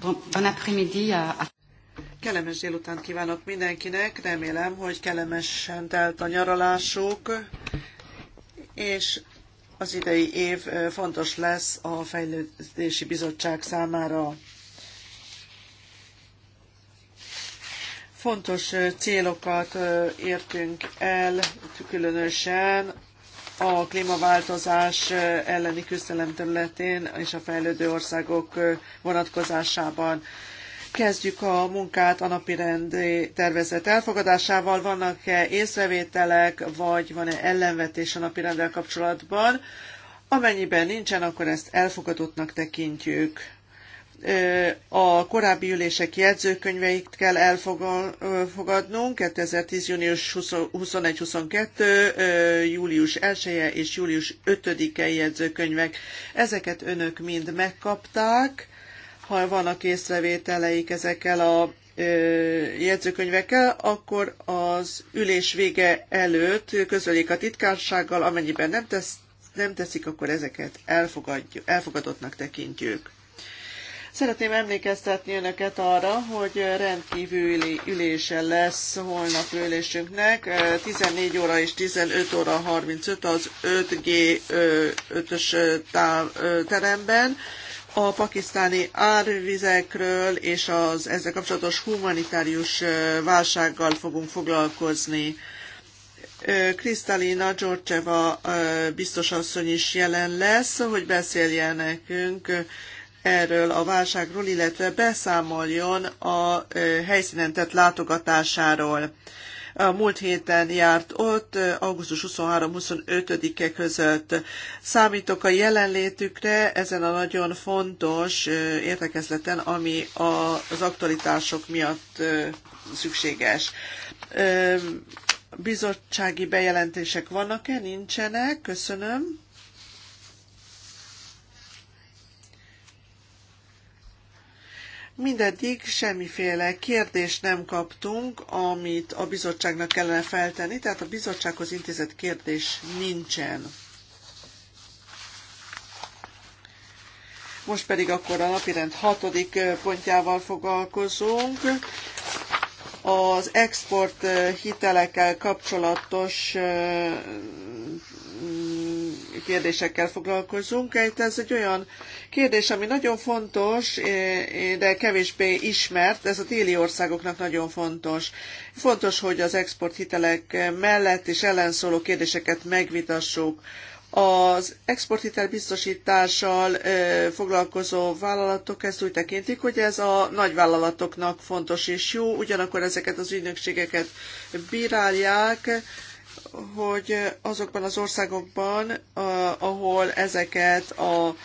bon après-midi à... Uh, uh. Kellemes délután kívánok mindenkinek, remélem, hogy kellemesen telt a nyaralások, és az idei év uh, fontos lesz a Fejlődési Bizottság számára. Fontos célokat értünk el, különösen a klímaváltozás elleni küzdelem területén és a fejlődő országok vonatkozásában. Kezdjük a munkát a napi rendi tervezet elfogadásával. Vannak-e észrevételek, vagy van-e ellenvetés a napi rendel kapcsolatban? Amennyiben nincsen, akkor ezt elfogadottnak tekintjük a korábbi ülések jegyzőkönyveit kell elfogadnunk, 2010. június 21-22, július 1 -e és július 5-e jegyzőkönyvek. Ezeket önök mind megkapták, ha vannak észrevételeik ezekkel a jegyzőkönyvekkel, akkor az ülés vége előtt közölik a titkársággal, amennyiben nem, tesz, nem teszik, akkor ezeket elfogadjuk, elfogadottnak tekintjük. Szeretném emlékeztetni önöket arra, hogy rendkívüli ülése lesz holnap ülésünknek, 14 óra és 15 óra 35 az 5G 5-ös teremben a pakisztáni árvizekről és az ezzel kapcsolatos humanitárius válsággal fogunk foglalkozni. Kristalina Georgeva biztos asszony is jelen lesz, hogy beszéljen nekünk erről a válságról, illetve beszámoljon a helyszínen tett látogatásáról. A múlt héten járt ott, augusztus 23-25-e között. Számítok a jelenlétükre ezen a nagyon fontos értekezleten, ami az aktualitások miatt szükséges bizottsági bejelentések vannak-e? Nincsenek. Köszönöm. Mindeddig semmiféle kérdést nem kaptunk, amit a bizottságnak kellene feltenni, tehát a bizottsághoz intézett kérdés nincsen. Most pedig akkor a napirend hatodik pontjával foglalkozunk. Az export hitelekkel kapcsolatos kérdésekkel foglalkozunk. Itt ez egy olyan kérdés, ami nagyon fontos, eh, de kevésbé ismert, ez a téli országoknak nagyon fontos. Fontos, hogy az exporthitelek mellett és ellenszóló kérdéseket megvitassuk. Az exporthitel biztosítással eh, foglalkozó vállalatok ezt úgy tekintik, hogy ez a nagyvállalatoknak fontos és jó, ugyanakkor ezeket az ügynökségeket bírálják, hogy azokban az országokban, ahol ezeket a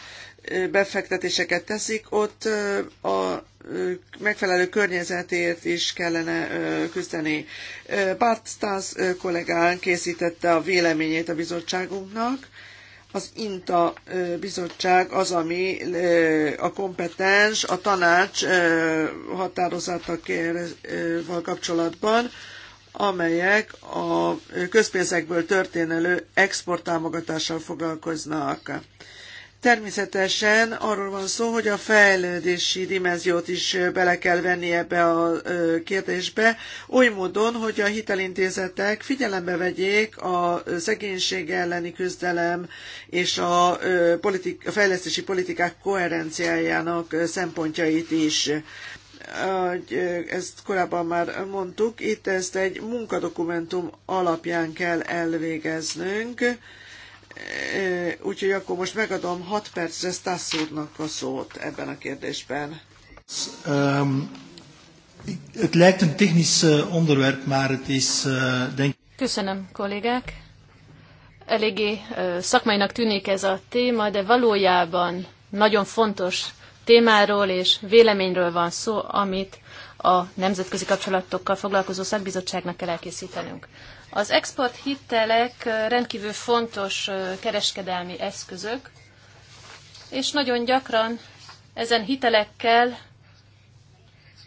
befektetéseket teszik, ott a megfelelő környezetért is kellene küzdeni. Bart Stas kollégán készítette a véleményét a bizottságunknak. Az INTA bizottság az, ami a kompetens, a tanács határozatakéval kapcsolatban, amelyek a közpénzekből történelő exporttámogatással foglalkoznak. Természetesen arról van szó, hogy a fejlődési dimenziót is bele kell venni ebbe a kérdésbe, oly módon, hogy a hitelintézetek figyelembe vegyék a szegénység elleni küzdelem és a, politik, a fejlesztési politikák koherenciájának szempontjait is ahogy ezt korábban már mondtuk, itt ezt egy munkadokumentum alapján kell elvégeznünk, úgyhogy akkor most megadom 6 percre Stassz úrnak a szót ebben a kérdésben. Ehm, het lijkt een technisch eh, onderwerp, maar het is eh, denk Köszönöm, kollégák. Eléggé eh, szakmainak tűnik ez a téma, de valójában nagyon fontos témáról és véleményről van szó, amit a nemzetközi kapcsolatokkal foglalkozó szakbizottságnak kell elkészítenünk. Az export hitelek rendkívül fontos kereskedelmi eszközök, és nagyon gyakran ezen hitelekkel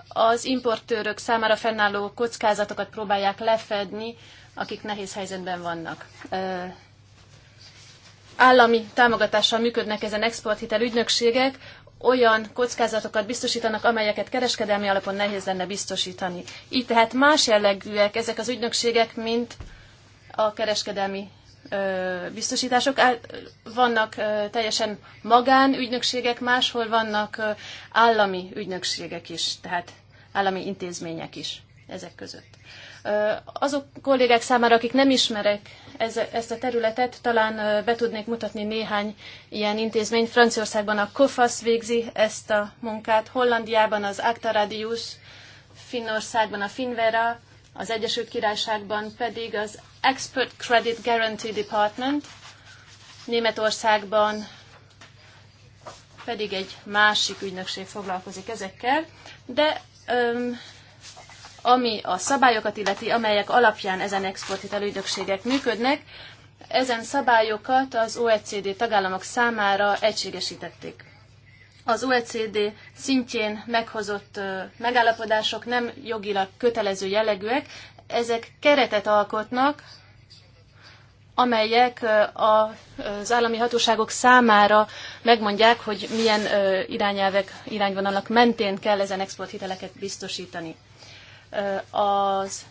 az importőrök számára fennálló kockázatokat próbálják lefedni, akik nehéz helyzetben vannak. Állami támogatással működnek ezen exporthitel ügynökségek, olyan kockázatokat biztosítanak, amelyeket kereskedelmi alapon nehéz lenne biztosítani. Így tehát más jellegűek ezek az ügynökségek, mint a kereskedelmi biztosítások. Vannak teljesen magán ügynökségek, máshol vannak állami ügynökségek is, tehát állami intézmények is ezek között. Azok kollégák számára, akik nem ismerek ez, ezt a területet, talán be tudnék mutatni néhány ilyen intézmény. Franciaországban a COFAS végzi ezt a munkát, Hollandiában az Acta Radius, Finnországban a Finvera, az Egyesült Királyságban pedig az Expert Credit Guarantee Department, Németországban pedig egy másik ügynökség foglalkozik ezekkel, de ami a szabályokat illeti, amelyek alapján ezen exporthitel ügynökségek működnek, ezen szabályokat az OECD tagállamok számára egységesítették. Az OECD szintjén meghozott megállapodások nem jogilag kötelező jellegűek, ezek keretet alkotnak, amelyek az állami hatóságok számára megmondják, hogy milyen irányelvek, irányvonalak mentén kell ezen exporthiteleket biztosítani az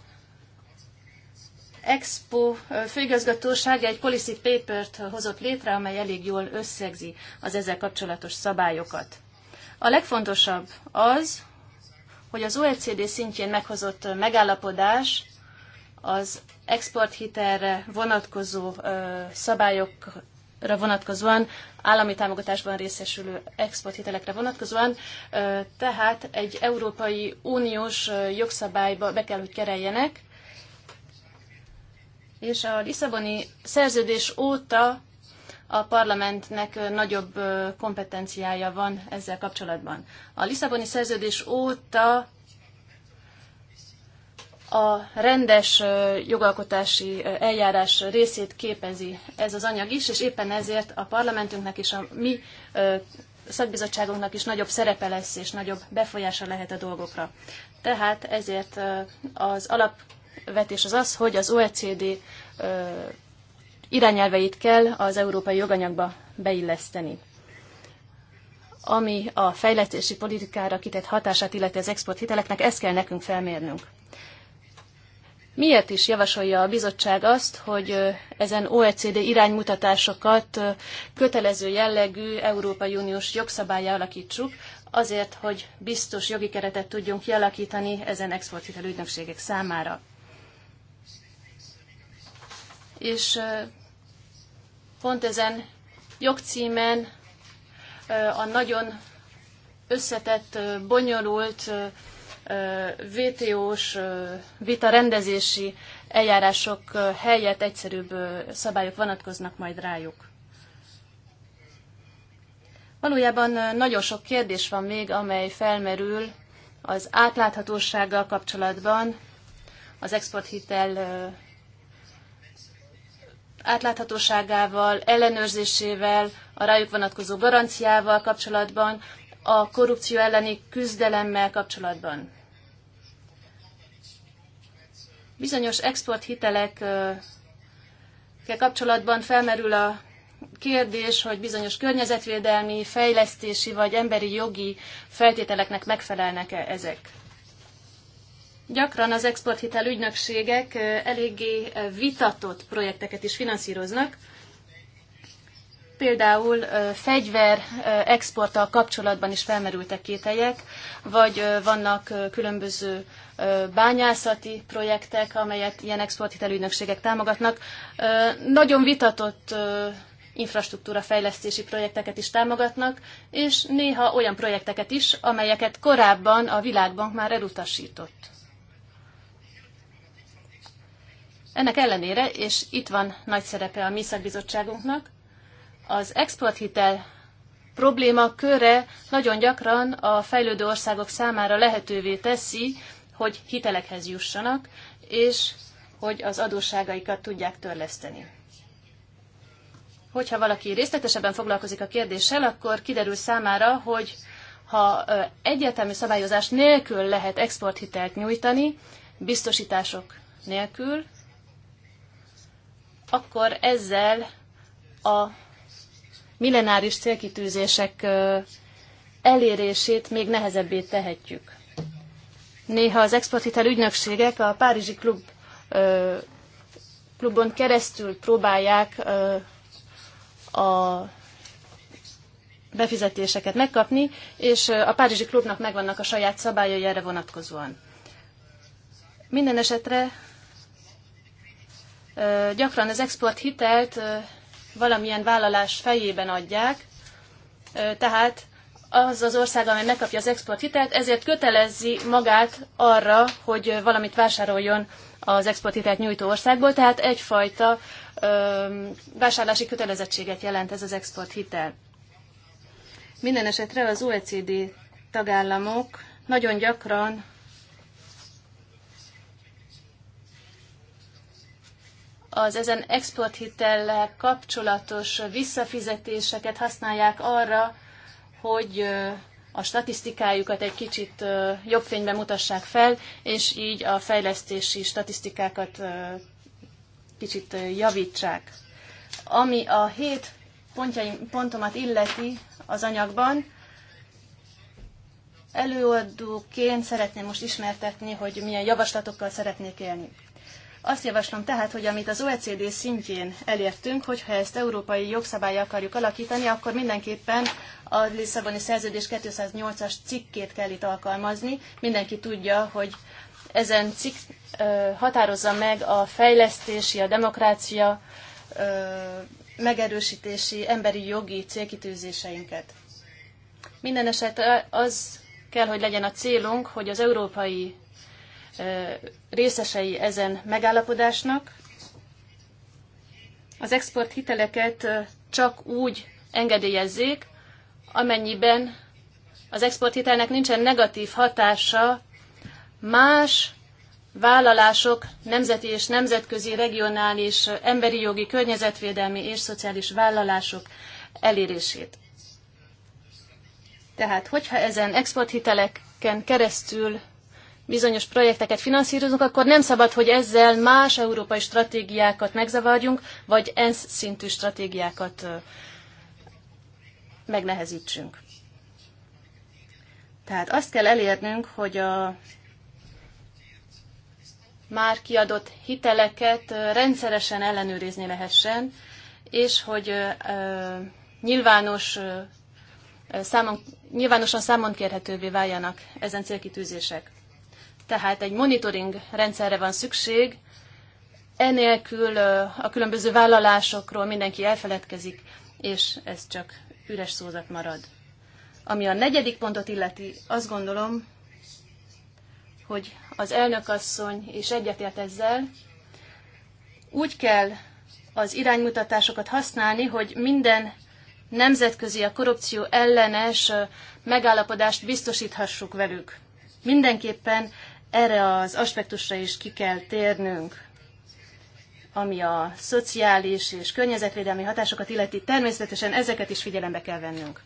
Expo főigazgatósága egy policy papert hozott létre, amely elég jól összegzi az ezzel kapcsolatos szabályokat. A legfontosabb az, hogy az OECD szintjén meghozott megállapodás az exporthitelre vonatkozó szabályok exportra vonatkozóan, állami támogatásban részesülő exporthitelekre vonatkozóan, tehát egy Európai Uniós jogszabályba be kell, hogy kereljenek, és a Lisszaboni szerződés óta a parlamentnek nagyobb kompetenciája van ezzel kapcsolatban. A Lisszaboni szerződés óta a rendes jogalkotási eljárás részét képezi ez az anyag is, és éppen ezért a parlamentünknek és a mi szakbizottságunknak is nagyobb szerepe lesz, és nagyobb befolyása lehet a dolgokra. Tehát ezért az alapvetés az az, hogy az OECD irányelveit kell az európai joganyagba beilleszteni ami a fejlesztési politikára kitett hatását illeti az hiteleknek ezt kell nekünk felmérnünk. Miért is javasolja a bizottság azt, hogy ezen OECD iránymutatásokat kötelező jellegű Európai Uniós jogszabályá alakítsuk, azért, hogy biztos jogi keretet tudjunk kialakítani ezen exporthitel ügynökségek számára. És pont ezen jogcímen a nagyon összetett, bonyolult VTO-s vita rendezési eljárások helyett egyszerűbb szabályok vonatkoznak majd rájuk. Valójában nagyon sok kérdés van még, amely felmerül az átláthatósággal kapcsolatban, az exporthitel átláthatóságával, ellenőrzésével, a rájuk vonatkozó garanciával kapcsolatban, a korrupció elleni küzdelemmel kapcsolatban. Bizonyos exporthitelekkel kapcsolatban felmerül a kérdés, hogy bizonyos környezetvédelmi, fejlesztési vagy emberi jogi feltételeknek megfelelnek-e ezek. Gyakran az exporthitel ügynökségek eléggé vitatott projekteket is finanszíroznak, például fegyver exporttal kapcsolatban is felmerültek kételyek, vagy vannak különböző bányászati projektek, amelyet ilyen exporthitelügynökségek támogatnak. Nagyon vitatott infrastruktúra fejlesztési projekteket is támogatnak, és néha olyan projekteket is, amelyeket korábban a Világbank már elutasított. Ennek ellenére, és itt van nagy szerepe a mi szakbizottságunknak, az exporthitel probléma köre nagyon gyakran a fejlődő országok számára lehetővé teszi, hogy hitelekhez jussanak, és hogy az adósságaikat tudják törleszteni. Hogyha valaki részletesebben foglalkozik a kérdéssel, akkor kiderül számára, hogy ha egyértelmű szabályozás nélkül lehet exporthitelt nyújtani, biztosítások nélkül, akkor ezzel a millenáris célkitűzések elérését még nehezebbé tehetjük. Néha az exporthitel ügynökségek a Párizsi klub, klubon keresztül próbálják a befizetéseket megkapni, és a Párizsi klubnak megvannak a saját szabályai erre vonatkozóan. Minden esetre gyakran az exporthitelt hitelt valamilyen vállalás fejében adják, tehát az az ország, amely megkapja az exporthitelt, ezért kötelezi magát arra, hogy valamit vásároljon az exporthitelt nyújtó országból, tehát egyfajta vásárlási kötelezettséget jelent ez az exporthitel. Minden esetre az OECD tagállamok nagyon gyakran az ezen exporthitellel kapcsolatos visszafizetéseket használják arra, hogy a statisztikájukat egy kicsit jobb fényben mutassák fel, és így a fejlesztési statisztikákat kicsit javítsák. Ami a hét pontjaim, pontomat illeti az anyagban, előadóként szeretném most ismertetni, hogy milyen javaslatokkal szeretnék élni. Azt javaslom tehát, hogy amit az OECD szintjén elértünk, hogyha ezt európai jogszabály akarjuk alakítani, akkor mindenképpen a Lisszaboni Szerződés 208-as cikkét kell itt alkalmazni. Mindenki tudja, hogy ezen cikk határozza meg a fejlesztési, a demokrácia megerősítési, emberi jogi célkitűzéseinket. Minden esetre az kell, hogy legyen a célunk, hogy az európai részesei ezen megállapodásnak. Az export hiteleket csak úgy engedélyezzék, amennyiben az exporthitelnek nincsen negatív hatása más vállalások nemzeti és nemzetközi regionális emberi jogi, környezetvédelmi és szociális vállalások elérését. Tehát, hogyha ezen exporthiteleken keresztül bizonyos projekteket finanszírozunk, akkor nem szabad, hogy ezzel más európai stratégiákat megzavarjunk, vagy ENSZ szintű stratégiákat megnehezítsünk. Tehát azt kell elérnünk, hogy a már kiadott hiteleket rendszeresen ellenőrizni lehessen, és hogy nyilvános számon, nyilvánosan számon kérhetővé váljanak ezen célkitűzések tehát egy monitoring rendszerre van szükség, enélkül a különböző vállalásokról mindenki elfeledkezik, és ez csak üres szózat marad. Ami a negyedik pontot illeti, azt gondolom, hogy az elnökasszony és egyetért ezzel, úgy kell az iránymutatásokat használni, hogy minden nemzetközi, a korrupció ellenes megállapodást biztosíthassuk velük. Mindenképpen erre az aspektusra is ki kell térnünk, ami a szociális és környezetvédelmi hatásokat illeti, természetesen ezeket is figyelembe kell vennünk.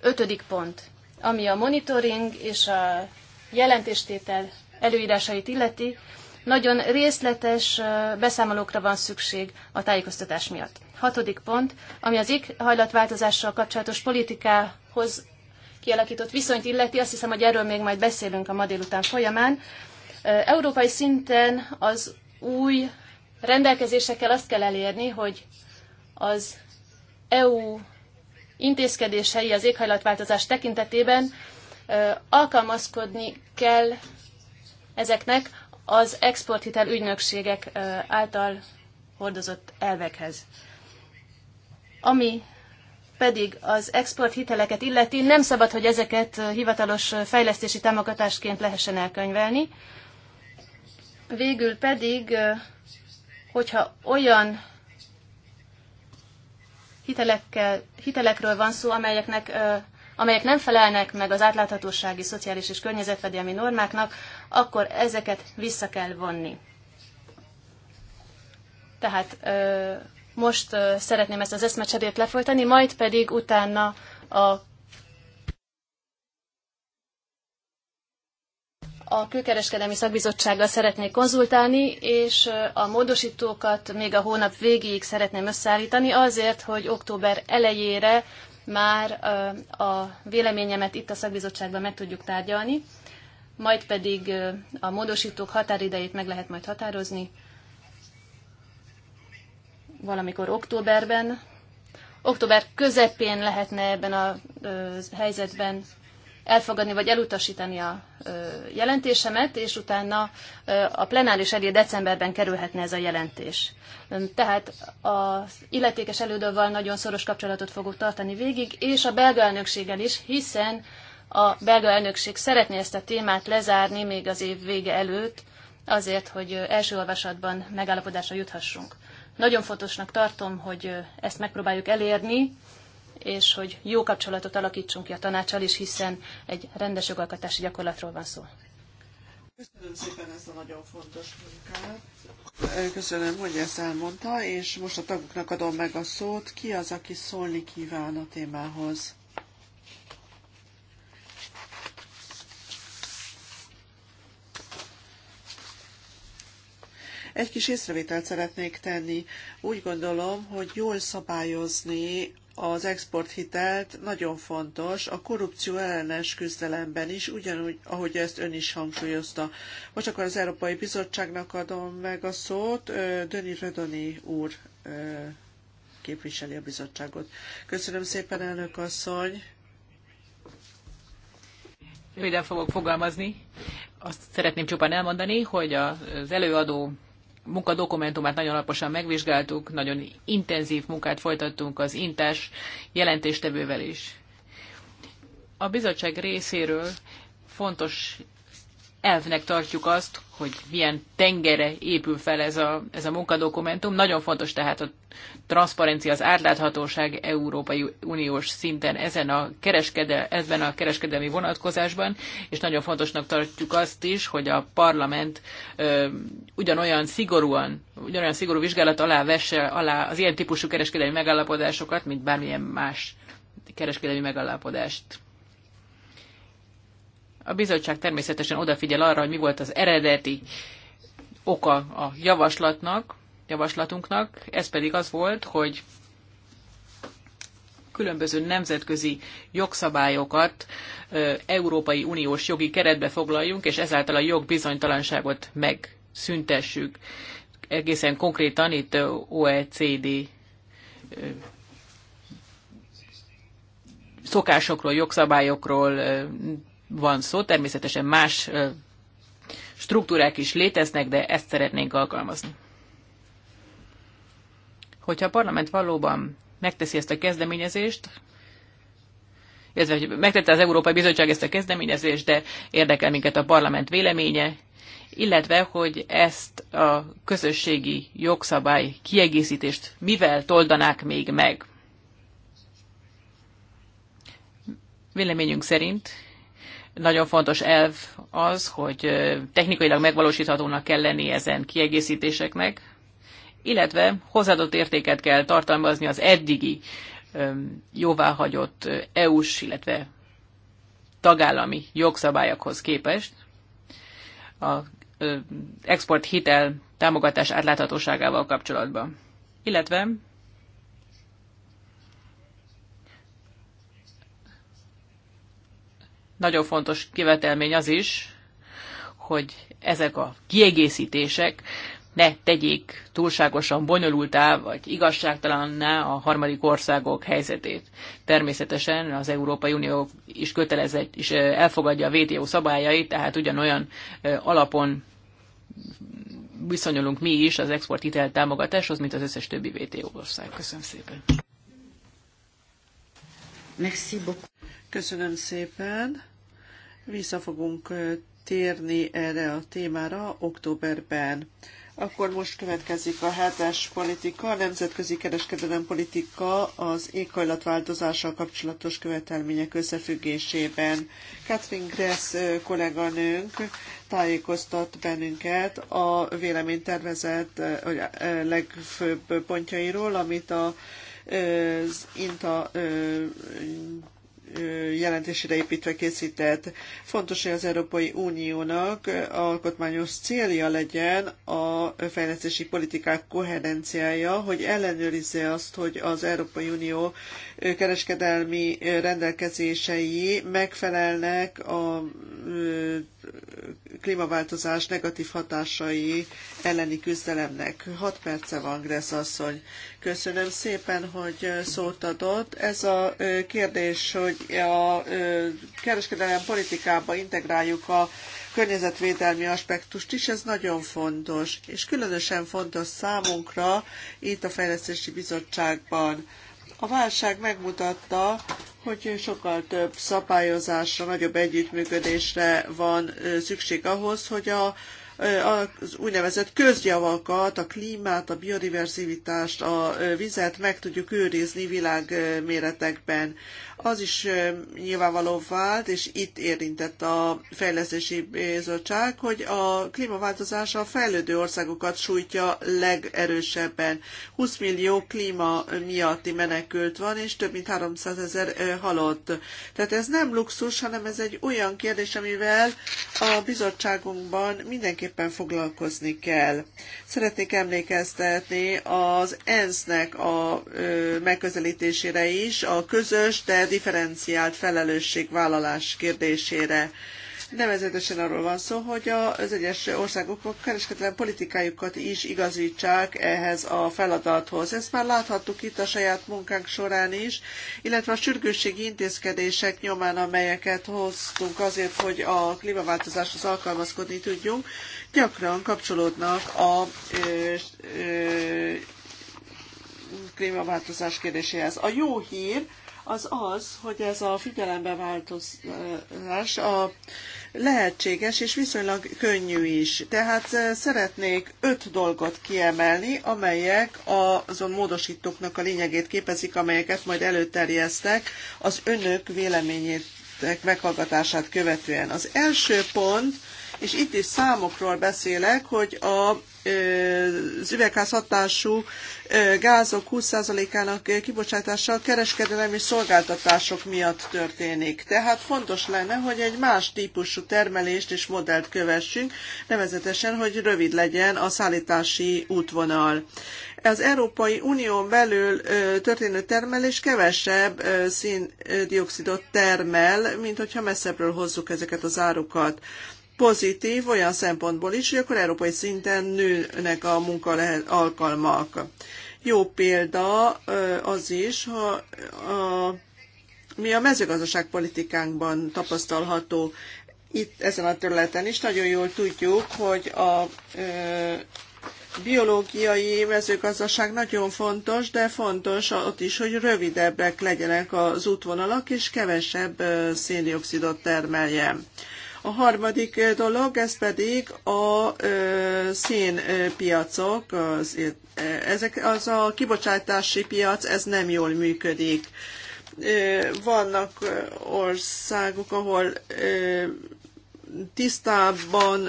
Ötödik pont, ami a monitoring és a jelentéstétel előírásait illeti, nagyon részletes beszámolókra van szükség a tájékoztatás miatt. Hatodik pont, ami az éghajlatváltozással kapcsolatos politikához kialakított viszonyt illeti, azt hiszem, hogy erről még majd beszélünk a ma délután folyamán. Európai szinten az új rendelkezésekkel azt kell elérni, hogy az EU intézkedései az éghajlatváltozás tekintetében alkalmazkodni kell ezeknek az exporthitel ügynökségek által hordozott elvekhez. Ami pedig az exporthiteleket illeti, nem szabad, hogy ezeket eh, hivatalos eh, fejlesztési támogatásként lehessen elkönyvelni. Végül pedig, eh, hogyha olyan hitelekkel, hitelekről van szó, amelyeknek, amelyek nem felelnek meg az átláthatósági, szociális és környezetvédelmi normáknak, akkor ezeket vissza kell vonni. Tehát most szeretném ezt az eszmecserét lefolytani, majd pedig utána a a Külkereskedelmi Szakbizottsággal szeretnék konzultálni, és a módosítókat még a hónap végéig szeretném összeállítani azért, hogy október elejére már a véleményemet itt a szakbizottságban meg tudjuk tárgyalni, majd pedig a módosítók határidejét meg lehet majd határozni, valamikor októberben. Október közepén lehetne ebben a helyzetben elfogadni vagy elutasítani a jelentésemet, és utána a plenáris elé decemberben kerülhetne ez a jelentés. Tehát az illetékes elődővel nagyon szoros kapcsolatot fogok tartani végig, és a belga elnökséggel is, hiszen a belga elnökség szeretné ezt a témát lezárni még az év vége előtt, azért, hogy első olvasatban megállapodásra juthassunk. Nagyon fontosnak tartom, hogy ezt megpróbáljuk elérni, és hogy jó kapcsolatot alakítsunk ki a tanácsal is, hiszen egy rendes jogalkotási gyakorlatról van szó. Köszönöm szépen ezt a nagyon fontos munkát. Köszönöm, hogy ezt elmondta, és most a tagoknak adom meg a szót. Ki az, aki szólni kíván a témához? Egy kis észrevételt szeretnék tenni. Úgy gondolom, hogy jól szabályozni az exporthitelt nagyon fontos a korrupció ellenes küzdelemben is, ugyanúgy, ahogy ezt ön is hangsúlyozta. Most akkor az Európai Bizottságnak adom meg a szót. Döni Rödoni úr képviseli a bizottságot. Köszönöm szépen, elnök asszony. Röviden fogok fogalmazni. Azt szeretném csupán elmondani, hogy az előadó munkadokumentumát nagyon alaposan megvizsgáltuk, nagyon intenzív munkát folytattunk az intás jelentéstevővel is. A bizottság részéről fontos elvnek tartjuk azt, hogy milyen tengere épül fel ez a, ez a munkadokumentum. Nagyon fontos tehát a transzparencia, az átláthatóság Európai Uniós szinten ezen a kereskedel, ezen a kereskedelmi vonatkozásban, és nagyon fontosnak tartjuk azt is, hogy a parlament ö, ugyanolyan szigorúan, ugyanolyan szigorú vizsgálat alá vesse alá az ilyen típusú kereskedelmi megállapodásokat, mint bármilyen más kereskedelmi megállapodást a bizottság természetesen odafigyel arra, hogy mi volt az eredeti oka a javaslatnak, javaslatunknak, ez pedig az volt, hogy különböző nemzetközi jogszabályokat Európai Uniós jogi keretbe foglaljunk, és ezáltal a jogbizonytalanságot megszüntessük. Egészen konkrétan itt OECD szokásokról, jogszabályokról, van szó, természetesen más struktúrák is léteznek, de ezt szeretnénk alkalmazni. Hogyha a parlament valóban megteszi ezt a kezdeményezést, illetve megtette az Európai Bizottság ezt a kezdeményezést, de érdekel minket a parlament véleménye, illetve hogy ezt a közösségi jogszabály kiegészítést mivel toldanák még meg. Véleményünk szerint nagyon fontos elv az, hogy technikailag megvalósíthatónak kell lenni ezen kiegészítéseknek, illetve hozzáadott értéket kell tartalmazni az eddigi jóváhagyott EU-s, illetve tagállami jogszabályokhoz képest. A export hitel támogatás átláthatóságával kapcsolatban. Illetve Nagyon fontos követelmény az is, hogy ezek a kiegészítések ne tegyék túlságosan bonyolultá vagy igazságtalanná a harmadik országok helyzetét. Természetesen az Európai Unió is kötelezett és elfogadja a WTO szabályait, tehát ugyanolyan alapon viszonyulunk mi is az exporthitel támogatáshoz, mint az összes többi WTO ország. Köszönöm szépen. Merci beaucoup. Köszönöm szépen. Vissza fogunk térni erre a témára októberben. Akkor most következik a hetes politika, a nemzetközi kereskedelem politika az éghajlatváltozással kapcsolatos követelmények összefüggésében. Catherine Gress kolléganőnk tájékoztat bennünket a véleménytervezet legfőbb pontjairól, amit az INTA jelentésére építve készített. Fontos, hogy az Európai Uniónak alkotmányos célja legyen a fejlesztési politikák koherenciája, hogy ellenőrizze azt, hogy az Európai Unió kereskedelmi rendelkezései megfelelnek a klímaváltozás negatív hatásai elleni küzdelemnek. Hat perce van, Gressz asszony. Köszönöm szépen, hogy szót adott. Ez a kérdés, hogy a kereskedelem politikába integráljuk a környezetvédelmi aspektust is, ez nagyon fontos, és különösen fontos számunkra itt a Fejlesztési Bizottságban. A válság megmutatta, hogy sokkal több szabályozásra, nagyobb együttműködésre van szükség ahhoz, hogy a az úgynevezett közjavakat, a klímát, a biodiverzivitást, a vizet meg tudjuk őrizni világméretekben az is nyilvánvaló vált, és itt érintett a Fejlesztési Bizottság, hogy a klímaváltozás a fejlődő országokat sújtja legerősebben. 20 millió klíma miatti menekült van, és több mint 300 ezer halott. Tehát ez nem luxus, hanem ez egy olyan kérdés, amivel a bizottságunkban mindenképpen foglalkozni kell. Szeretnék emlékeztetni az ENSZ-nek a megközelítésére is, a közös, de differenciált felelősségvállalás kérdésére. Nevezetesen arról van szó, hogy az egyes országok a kereskedelem politikájukat is igazítsák ehhez a feladathoz. Ezt már láthattuk itt a saját munkánk során is, illetve a sürgősségi intézkedések nyomán, amelyeket hoztunk azért, hogy a klímaváltozáshoz alkalmazkodni tudjunk, gyakran kapcsolódnak a ö, ö, klímaváltozás kérdéséhez. A jó hír, az az, hogy ez a figyelembe változás a lehetséges és viszonylag könnyű is. Tehát szeretnék öt dolgot kiemelni, amelyek azon módosítóknak a lényegét képezik, amelyeket majd előterjesztek az önök véleményét meghallgatását követően. Az első pont, és itt is számokról beszélek, hogy a az üvegházhatású gázok 20%-ának kibocsátása a kereskedelem és szolgáltatások miatt történik. Tehát fontos lenne, hogy egy más típusú termelést és modellt kövessünk, nevezetesen, hogy rövid legyen a szállítási útvonal. Az Európai Unión belül történő termelés kevesebb széndiokszidot termel, mint hogyha messzebbről hozzuk ezeket az árukat pozitív olyan szempontból is, hogy akkor európai szinten nőnek a munka lehet, alkalmak. Jó példa az is, ha a, mi a mezőgazdaságpolitikánkban tapasztalható itt ezen a területen is nagyon jól tudjuk, hogy a ö, biológiai mezőgazdaság nagyon fontos, de fontos ott is, hogy rövidebbek legyenek az útvonalak, és kevesebb széndiokszidot termeljen. A harmadik eh, dolog, ez pedig a eh, szénpiacok, eh, az, ezek, az a kibocsátási piac, ez nem jól működik. vannak országok, ahol tisztában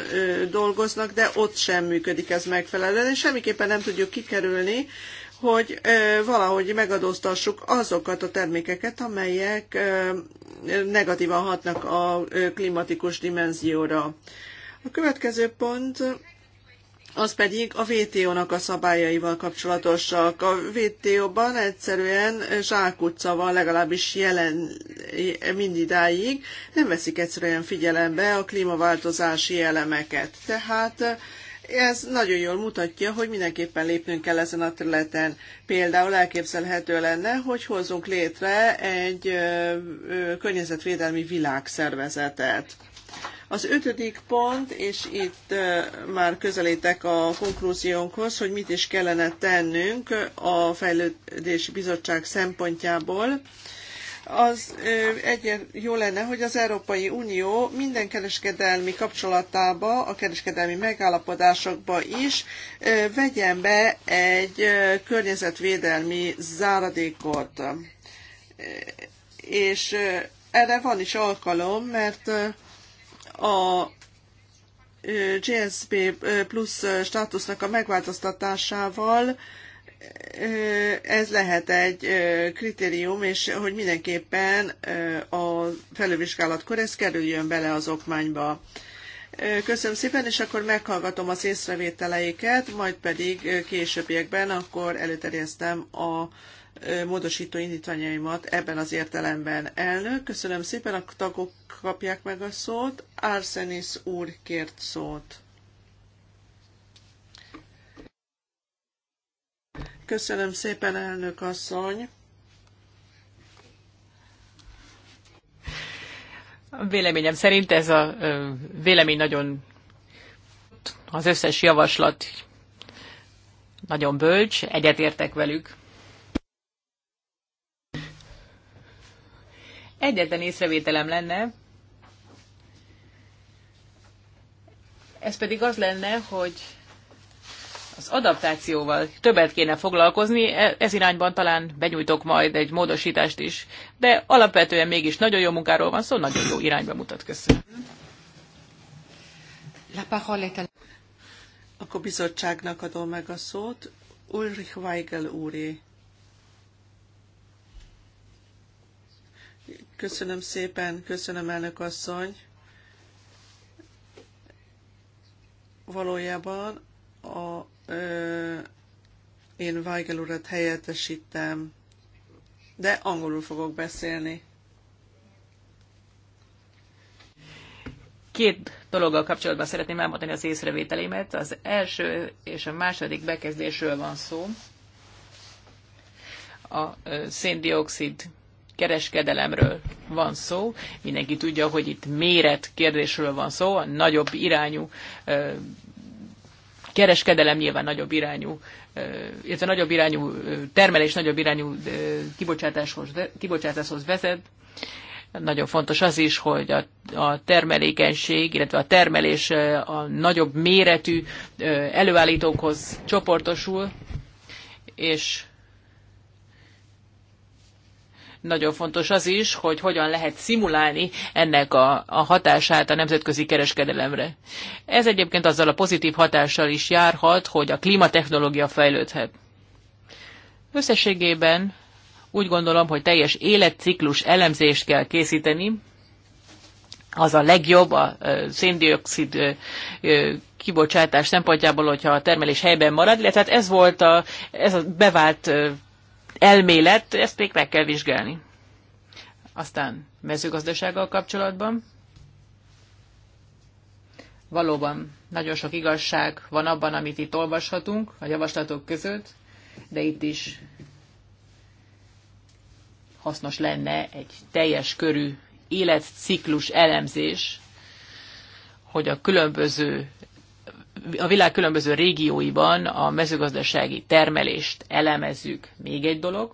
dolgoznak, de ott sem működik ez megfelelően, és semmiképpen nem tudjuk kikerülni, hogy valahogy megadóztassuk azokat a termékeket, amelyek negatívan hatnak a klimatikus dimenzióra. A következő pont az pedig a VTO-nak a szabályaival kapcsolatosak. A VTO-ban egyszerűen zsákutca van legalábbis jelen mindidáig, nem veszik egyszerűen figyelembe a klímaváltozási elemeket. Tehát ez nagyon jól mutatja, hogy mindenképpen lépnünk kell ezen a területen. Például elképzelhető lenne, hogy hozzunk létre egy környezetvédelmi világszervezetet. Az ötödik pont, és itt már közelítek a konklúziónkhoz, hogy mit is kellene tennünk a Fejlődési Bizottság szempontjából az egyre jó lenne, hogy az Európai Unió minden kereskedelmi kapcsolatába, a kereskedelmi megállapodásokba is vegyen be egy környezetvédelmi záradékot. És erre van is alkalom, mert a GSP plusz státusznak a megváltoztatásával ez lehet egy kritérium, és hogy mindenképpen a felülvizsgálatkor ez kerüljön bele az okmányba. Köszönöm szépen, és akkor meghallgatom az észrevételeiket, majd pedig későbbiekben akkor előterjesztem a módosító indítványaimat ebben az értelemben. Elnök, köszönöm szépen, a tagok kapják meg a szót. Arsenis úr kért szót. Köszönöm szépen, elnök asszony. Véleményem szerint ez a vélemény nagyon az összes javaslat nagyon bölcs, egyetértek velük. Egyetlen észrevételem lenne, ez pedig az lenne, hogy az adaptációval többet kéne foglalkozni, e, ez irányban talán benyújtok majd egy módosítást is, de alapvetően mégis nagyon jó munkáról van szó, szóval nagyon jó irányba mutat. Köszönöm. Akkor bizottságnak adom meg a szót. Ulrich Weigel úré. Köszönöm szépen, köszönöm elnök asszony. Valójában a én Weigel urat helyettesítem, de angolul fogok beszélni. Két dologgal kapcsolatban szeretném elmondani az észrevételémet. Az első és a második bekezdésről van szó. A széndiokszid kereskedelemről van szó. Mindenki tudja, hogy itt méret kérdésről van szó, a nagyobb irányú kereskedelem nyilván nagyobb irányú, illetve nagyobb irányú termelés, nagyobb irányú kibocsátáshoz, kibocsátáshoz vezet. Nagyon fontos az is, hogy a, a termelékenység, illetve a termelés a nagyobb méretű előállítókhoz csoportosul, és nagyon fontos az is, hogy hogyan lehet szimulálni ennek a, a hatását a nemzetközi kereskedelemre. Ez egyébként azzal a pozitív hatással is járhat, hogy a klímatechnológia fejlődhet. Összességében úgy gondolom, hogy teljes életciklus elemzést kell készíteni, az a legjobb a széndiokszid kibocsátás szempontjából, hogyha a termelés helyben marad, illetve hát ez volt a, ez a bevált elmélet, ezt még meg kell vizsgálni. Aztán mezőgazdasággal kapcsolatban. Valóban nagyon sok igazság van abban, amit itt olvashatunk a javaslatok között, de itt is hasznos lenne egy teljes körű életciklus elemzés, hogy a különböző a világ különböző régióiban a mezőgazdasági termelést elemezzük. Még egy dolog.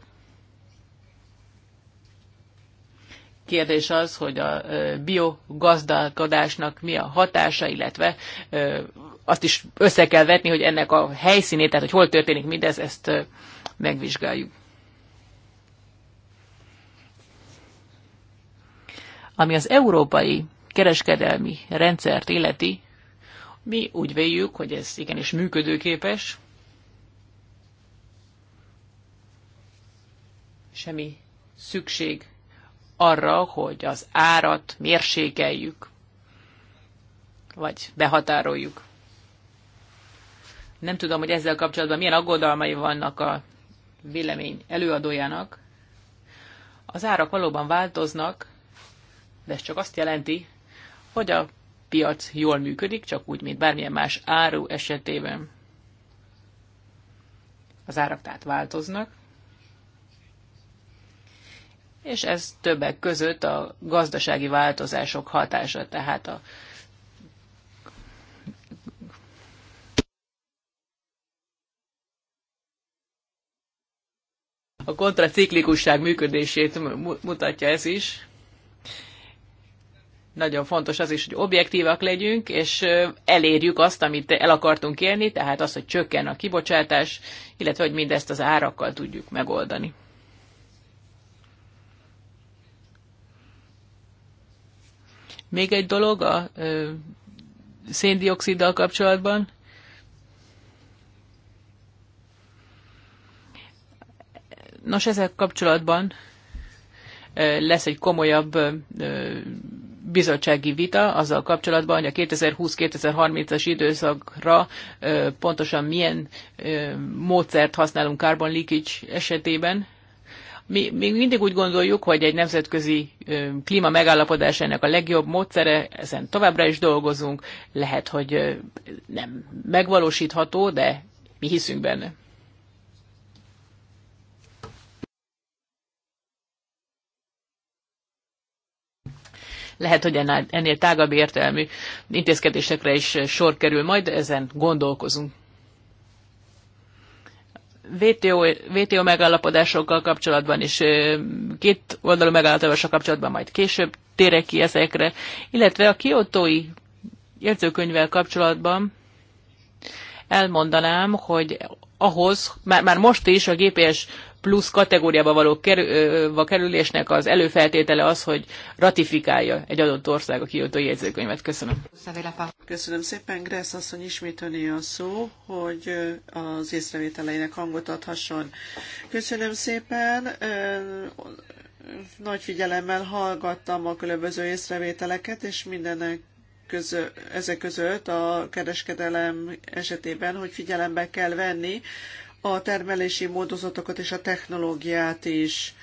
Kérdés az, hogy a biogazdálkodásnak mi a hatása, illetve azt is össze kell vetni, hogy ennek a helyszínét, tehát hogy hol történik mindez, ezt megvizsgáljuk. Ami az európai kereskedelmi rendszert illeti, mi úgy véljük, hogy ez igenis működőképes, semmi szükség arra, hogy az árat mérsékeljük, vagy behatároljuk. Nem tudom, hogy ezzel kapcsolatban milyen aggodalmai vannak a vélemény előadójának. Az árak valóban változnak, de ez csak azt jelenti, hogy a piac jól működik, csak úgy, mint bármilyen más áru esetében. Az árak tehát változnak, és ez többek között a gazdasági változások hatása, tehát a a kontraciklikusság működését mutatja ez is nagyon fontos az is, hogy objektívak legyünk, és elérjük azt, amit el akartunk élni, tehát az, hogy csökken a kibocsátás, illetve hogy mindezt az árakkal tudjuk megoldani. Még egy dolog a széndioksziddal kapcsolatban. Nos, ezzel kapcsolatban lesz egy komolyabb bizottsági vita azzal kapcsolatban, hogy a 2020-2030-as időszakra pontosan milyen módszert használunk carbon leakage esetében. Mi még mindig úgy gondoljuk, hogy egy nemzetközi klíma megállapodás ennek a legjobb módszere, ezen továbbra is dolgozunk, lehet, hogy nem megvalósítható, de mi hiszünk benne. Lehet, hogy ennél tágabb értelmű intézkedésekre is sor kerül majd, ezen gondolkozunk. VTO, VTO megállapodásokkal kapcsolatban és két oldalú megállapodásokkal kapcsolatban majd később térek ki ezekre, illetve a kiotói jegyzőkönyvvel kapcsolatban elmondanám, hogy ahhoz, már, már most is a GPS plusz kategóriába való kerülésnek az előfeltétele az, hogy ratifikálja egy adott ország a kiótói jegyzőkönyvet. Köszönöm. Köszönöm szépen. Gressz asszony ismét öné a szó, hogy az észrevételeinek hangot adhasson. Köszönöm szépen nagy figyelemmel hallgattam a különböző észrevételeket, és mindenek közö, ezek között a kereskedelem esetében, hogy figyelembe kell venni a termelési módozatokat és a technológiát is,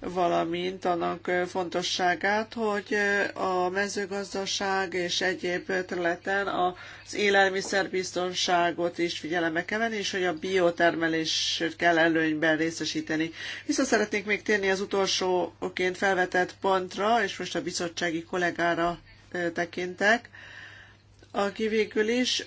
valamint annak fontosságát, hogy a mezőgazdaság és egyéb területen az élelmiszerbiztonságot is figyelembe kell venni, és hogy a biotermelést kell előnyben részesíteni. Vissza szeretnék még térni az utolsóként felvetett pontra, és most a bizottsági kollégára tekintek, aki végül is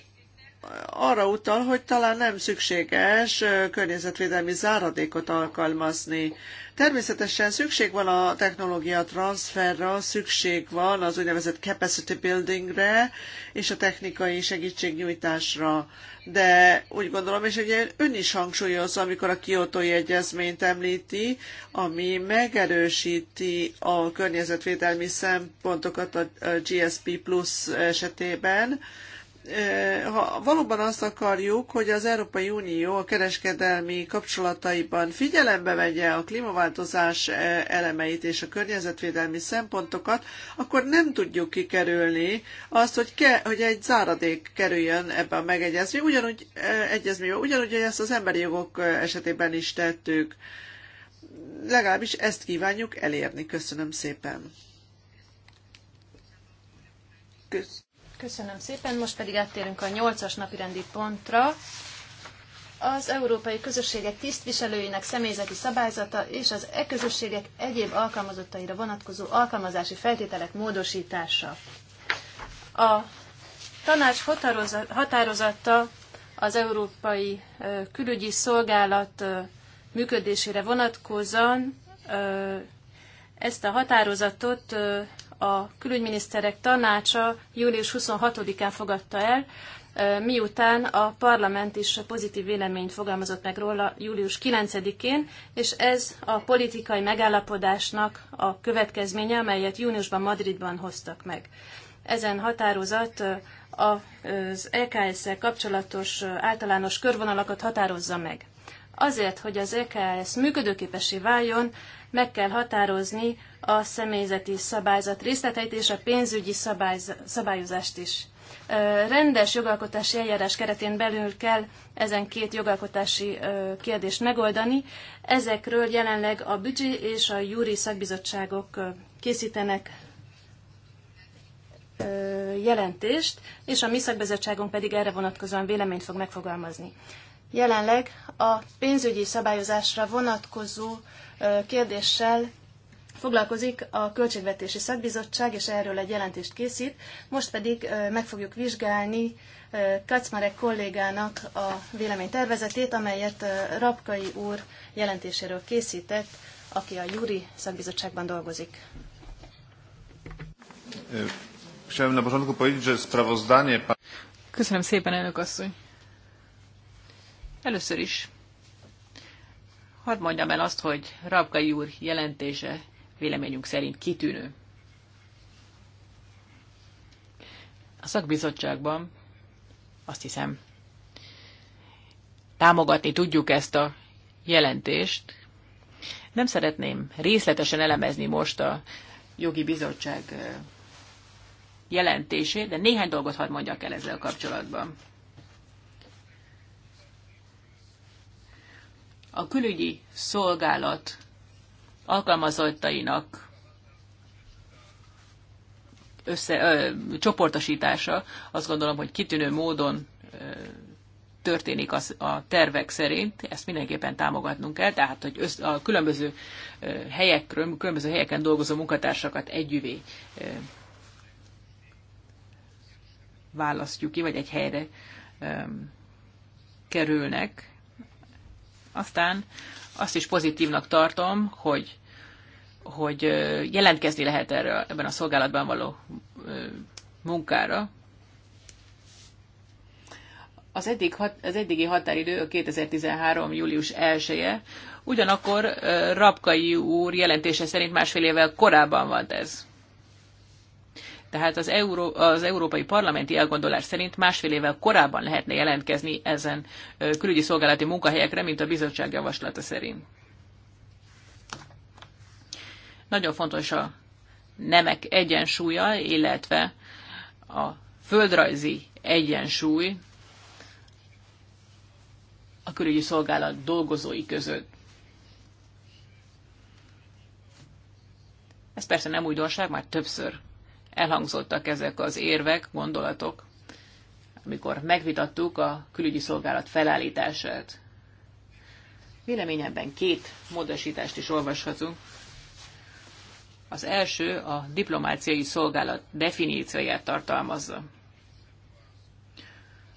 arra utal, hogy talán nem szükséges környezetvédelmi záradékot alkalmazni. Természetesen szükség van a technológia transferra, szükség van az úgynevezett capacity buildingre és a technikai segítségnyújtásra. De úgy gondolom, és ugye ön is hangsúlyozza, amikor a kiotói egyezményt említi, ami megerősíti a környezetvédelmi szempontokat a GSP Plus esetében, Eh, ha valóban azt akarjuk, hogy az Európai Unió a kereskedelmi kapcsolataiban figyelembe vegye a klímaváltozás eh, elemeit és a környezetvédelmi szempontokat, akkor nem tudjuk kikerülni azt, hogy, ke, hogy egy záradék kerüljön ebbe a megegyezmény, ugyanúgy, eh, egyezménybe, ugyanúgy, hogy ezt az emberi jogok esetében is tettük. Legalábbis ezt kívánjuk elérni. Köszönöm szépen. Köszönöm. Köszönöm szépen, most pedig áttérünk a nyolcas napirendi pontra. Az Európai Közösségek tisztviselőinek személyzeti szabályzata és az e közösségek egyéb alkalmazottaira vonatkozó alkalmazási feltételek módosítása. A tanács határozata az Európai Külügyi Szolgálat működésére vonatkozóan ezt a határozatot a külügyminiszterek tanácsa július 26-án fogadta el, miután a parlament is pozitív véleményt fogalmazott meg róla július 9-én, és ez a politikai megállapodásnak a következménye, amelyet júniusban Madridban hoztak meg. Ezen határozat az EKS-szel kapcsolatos általános körvonalakat határozza meg. Azért, hogy az EKS működőképessé váljon, meg kell határozni a személyzeti szabályzat részleteit és a pénzügyi szabályozást is. Rendes jogalkotási eljárás keretén belül kell ezen két jogalkotási kérdést megoldani. Ezekről jelenleg a büdzsé és a júri szakbizottságok készítenek jelentést, és a mi szakbizottságunk pedig erre vonatkozóan véleményt fog megfogalmazni. Jelenleg a pénzügyi szabályozásra vonatkozó kérdéssel foglalkozik a Költségvetési Szakbizottság, és erről egy jelentést készít. Most pedig meg fogjuk vizsgálni Kacmarek kollégának a véleménytervezetét, amelyet Rapkai úr jelentéséről készített, aki a Júri Szakbizottságban dolgozik. Köszönöm szépen, elnök asszony. Először is Hadd mondjam el azt, hogy Rabkai úr jelentése véleményünk szerint kitűnő. A szakbizottságban azt hiszem támogatni tudjuk ezt a jelentést. Nem szeretném részletesen elemezni most a jogi bizottság jelentését, de néhány dolgot hadd mondjak el ezzel kapcsolatban. a külügyi szolgálat alkalmazottainak össze, ö, csoportosítása azt gondolom, hogy kitűnő módon ö, történik az, a tervek szerint, ezt mindenképpen támogatnunk kell, tehát hogy össz, a különböző ö, helyekről, különböző helyeken dolgozó munkatársakat együvé ö, választjuk ki, vagy egy helyre ö, kerülnek, aztán azt is pozitívnak tartom, hogy, hogy jelentkezni lehet erre, ebben a szolgálatban való munkára. Az, eddig, az eddigi határidő a 2013. július 1-e, ugyanakkor Rabkai úr jelentése szerint másfél évvel korábban van ez. Tehát az, Euró- az Európai Parlamenti elgondolás szerint másfél évvel korábban lehetne jelentkezni ezen külügyi szolgálati munkahelyekre, mint a bizottság javaslata szerint. Nagyon fontos a nemek egyensúlya, illetve a földrajzi egyensúly a külügyi szolgálat dolgozói között. Ez persze nem újdonság, már többször elhangzottak ezek az érvek, gondolatok, amikor megvitattuk a külügyi szolgálat felállítását. Véleményemben két módosítást is olvashatunk. Az első a diplomáciai szolgálat definícióját tartalmazza.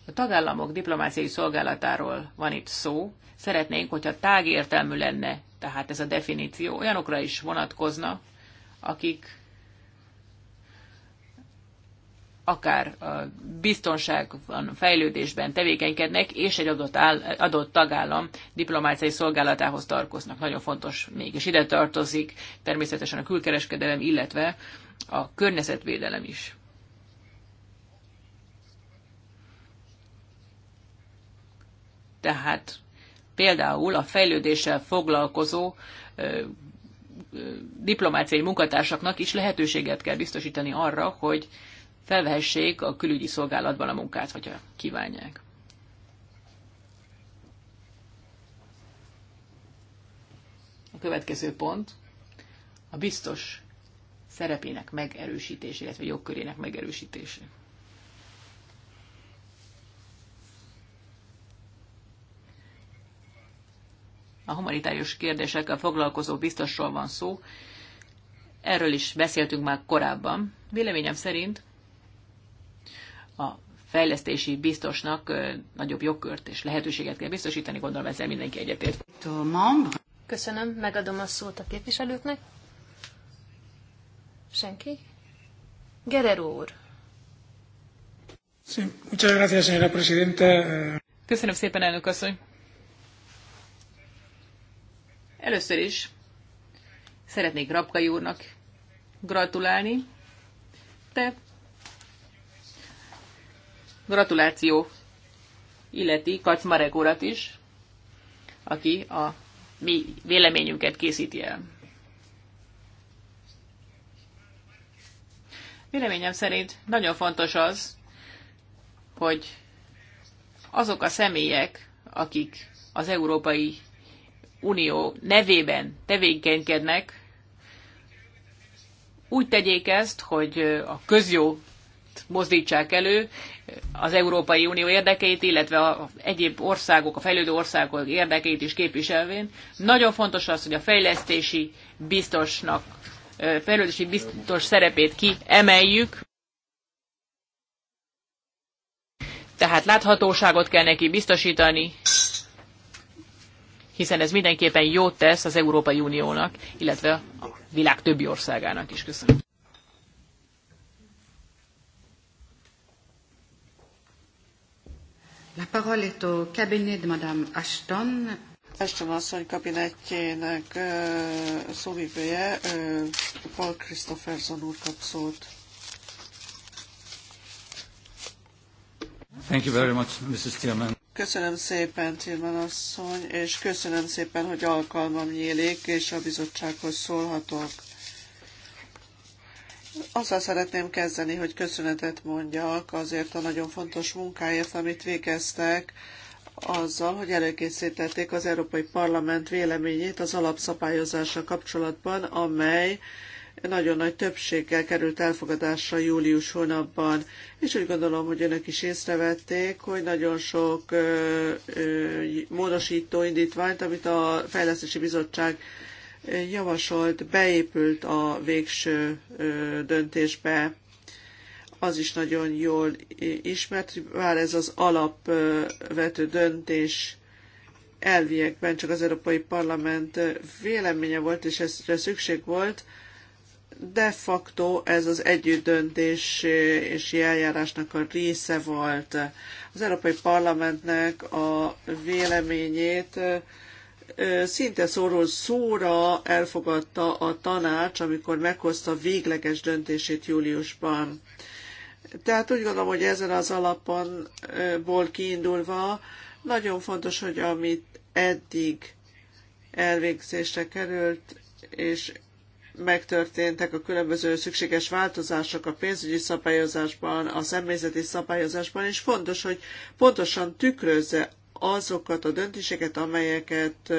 A tagállamok diplomáciai szolgálatáról van itt szó. Szeretnénk, hogyha tágértelmű lenne, tehát ez a definíció olyanokra is vonatkozna, akik akár a biztonságban, fejlődésben tevékenykednek, és egy adott, áll, adott tagállam diplomáciai szolgálatához tartoznak. Nagyon fontos mégis ide tartozik természetesen a külkereskedelem, illetve a környezetvédelem is. Tehát például a fejlődéssel foglalkozó diplomáciai munkatársaknak is lehetőséget kell biztosítani arra, hogy felvehessék a külügyi szolgálatban a munkát, hogyha kívánják. A következő pont a biztos szerepének megerősítése, illetve jogkörének megerősítése. A humanitárius kérdésekkel foglalkozó biztosról van szó. Erről is beszéltünk már korábban. Véleményem szerint a fejlesztési biztosnak nagyobb jogkört és lehetőséget kell biztosítani, gondolom ezzel mindenki egyetért. Köszönöm, megadom a szót a képviselőknek. Senki? Gerero úr. Köszönöm szépen, elnök asszony. Először is szeretnék Rabkai úrnak gratulálni, Te gratuláció illeti Kacmarek urat is, aki a mi véleményünket készíti el. Véleményem szerint nagyon fontos az, hogy azok a személyek, akik az Európai Unió nevében tevékenykednek, úgy tegyék ezt, hogy a közjó mozdítsák elő, az Európai Unió érdekeit, illetve a egyéb országok, a fejlődő országok érdekeit is képviselvén. Nagyon fontos az, hogy a fejlesztési biztosnak, fejlődési biztos szerepét kiemeljük. Tehát láthatóságot kell neki biztosítani, hiszen ez mindenképpen jót tesz az Európai Uniónak, illetve a világ többi országának is. Köszönöm. La parole est au cabinet de Madame Ashton. Ashton asszony kabinetjének uh, szóvivője, uh, Paul Christopherson úr kap szót. Thank you very much, Mrs. Tillman. Köszönöm szépen, Tilman asszony, és köszönöm szépen, hogy alkalmam nyílik, és a bizottsághoz szólhatok. Azzal szeretném kezdeni, hogy köszönetet mondjak azért a nagyon fontos munkáért, amit végeztek, azzal, hogy előkészítették az Európai Parlament véleményét az alapszabályozással kapcsolatban, amely nagyon nagy többséggel került elfogadásra július hónapban, és úgy gondolom, hogy önök is észrevették, hogy nagyon sok ö, ö, módosító indítványt, amit a Fejlesztési Bizottság javasolt, beépült a végső döntésbe. Az is nagyon jól ismert, bár ez az alapvető döntés elviekben csak az Európai Parlament véleménye volt, és ezre szükség volt, de facto ez az együtt döntés és eljárásnak a része volt. Az Európai Parlamentnek a véleményét szinte szóról szóra elfogadta a tanács, amikor meghozta végleges döntését júliusban. Tehát úgy gondolom, hogy ezen az alapon ból kiindulva nagyon fontos, hogy amit eddig elvégzésre került, és megtörténtek a különböző szükséges változások a pénzügyi szabályozásban, a személyzeti szabályozásban, és fontos, hogy pontosan tükrözze azokat a döntéseket, amelyeket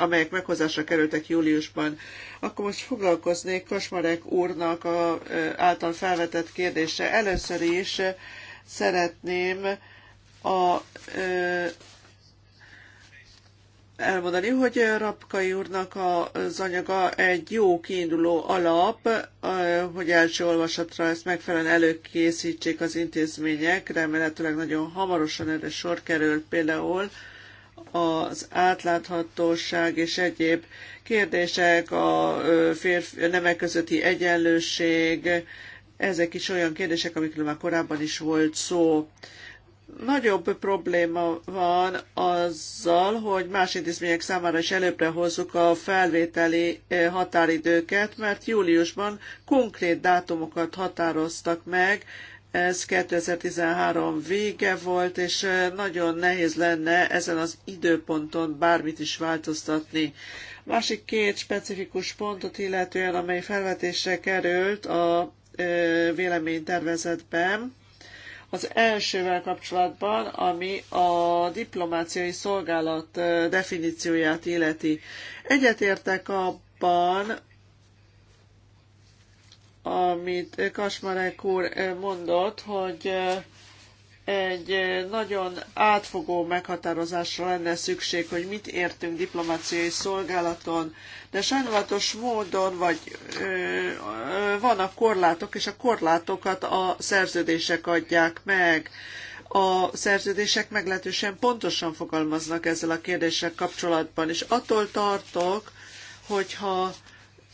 amelyek meghozásra kerültek júliusban. Akkor most foglalkoznék Kosmarek úrnak a, által felvetett kérdése. Először is szeretném a elmondani, hogy Rapkai úrnak az anyaga egy jó kiinduló alap, hogy első olvasatra ezt megfelelően előkészítsék az intézmények, remélhetőleg nagyon hamarosan erre sor kerül például az átláthatóság és egyéb kérdések, a férfi, nemek közötti egyenlőség, ezek is olyan kérdések, amikről már korábban is volt szó nagyobb probléma van azzal, hogy más intézmények számára is előbbre hozzuk a felvételi eh, határidőket, mert júliusban konkrét dátumokat határoztak meg, ez 2013 vége volt, és eh, nagyon nehéz lenne ezen az időponton bármit is változtatni. Másik két specifikus pontot illetően, amely felvetésre került a eh, véleménytervezetben, az elsővel kapcsolatban, ami a diplomáciai szolgálat definícióját illeti. Egyetértek abban, amit Kasmarek úr mondott, hogy egy nagyon átfogó meghatározásra lenne szükség, hogy mit értünk diplomáciai szolgálaton, de sajnálatos módon vagy ö, ö, vannak korlátok, és a korlátokat a szerződések adják meg. A szerződések meglehetősen pontosan fogalmaznak ezzel a kérdéssel kapcsolatban, és attól tartok, hogyha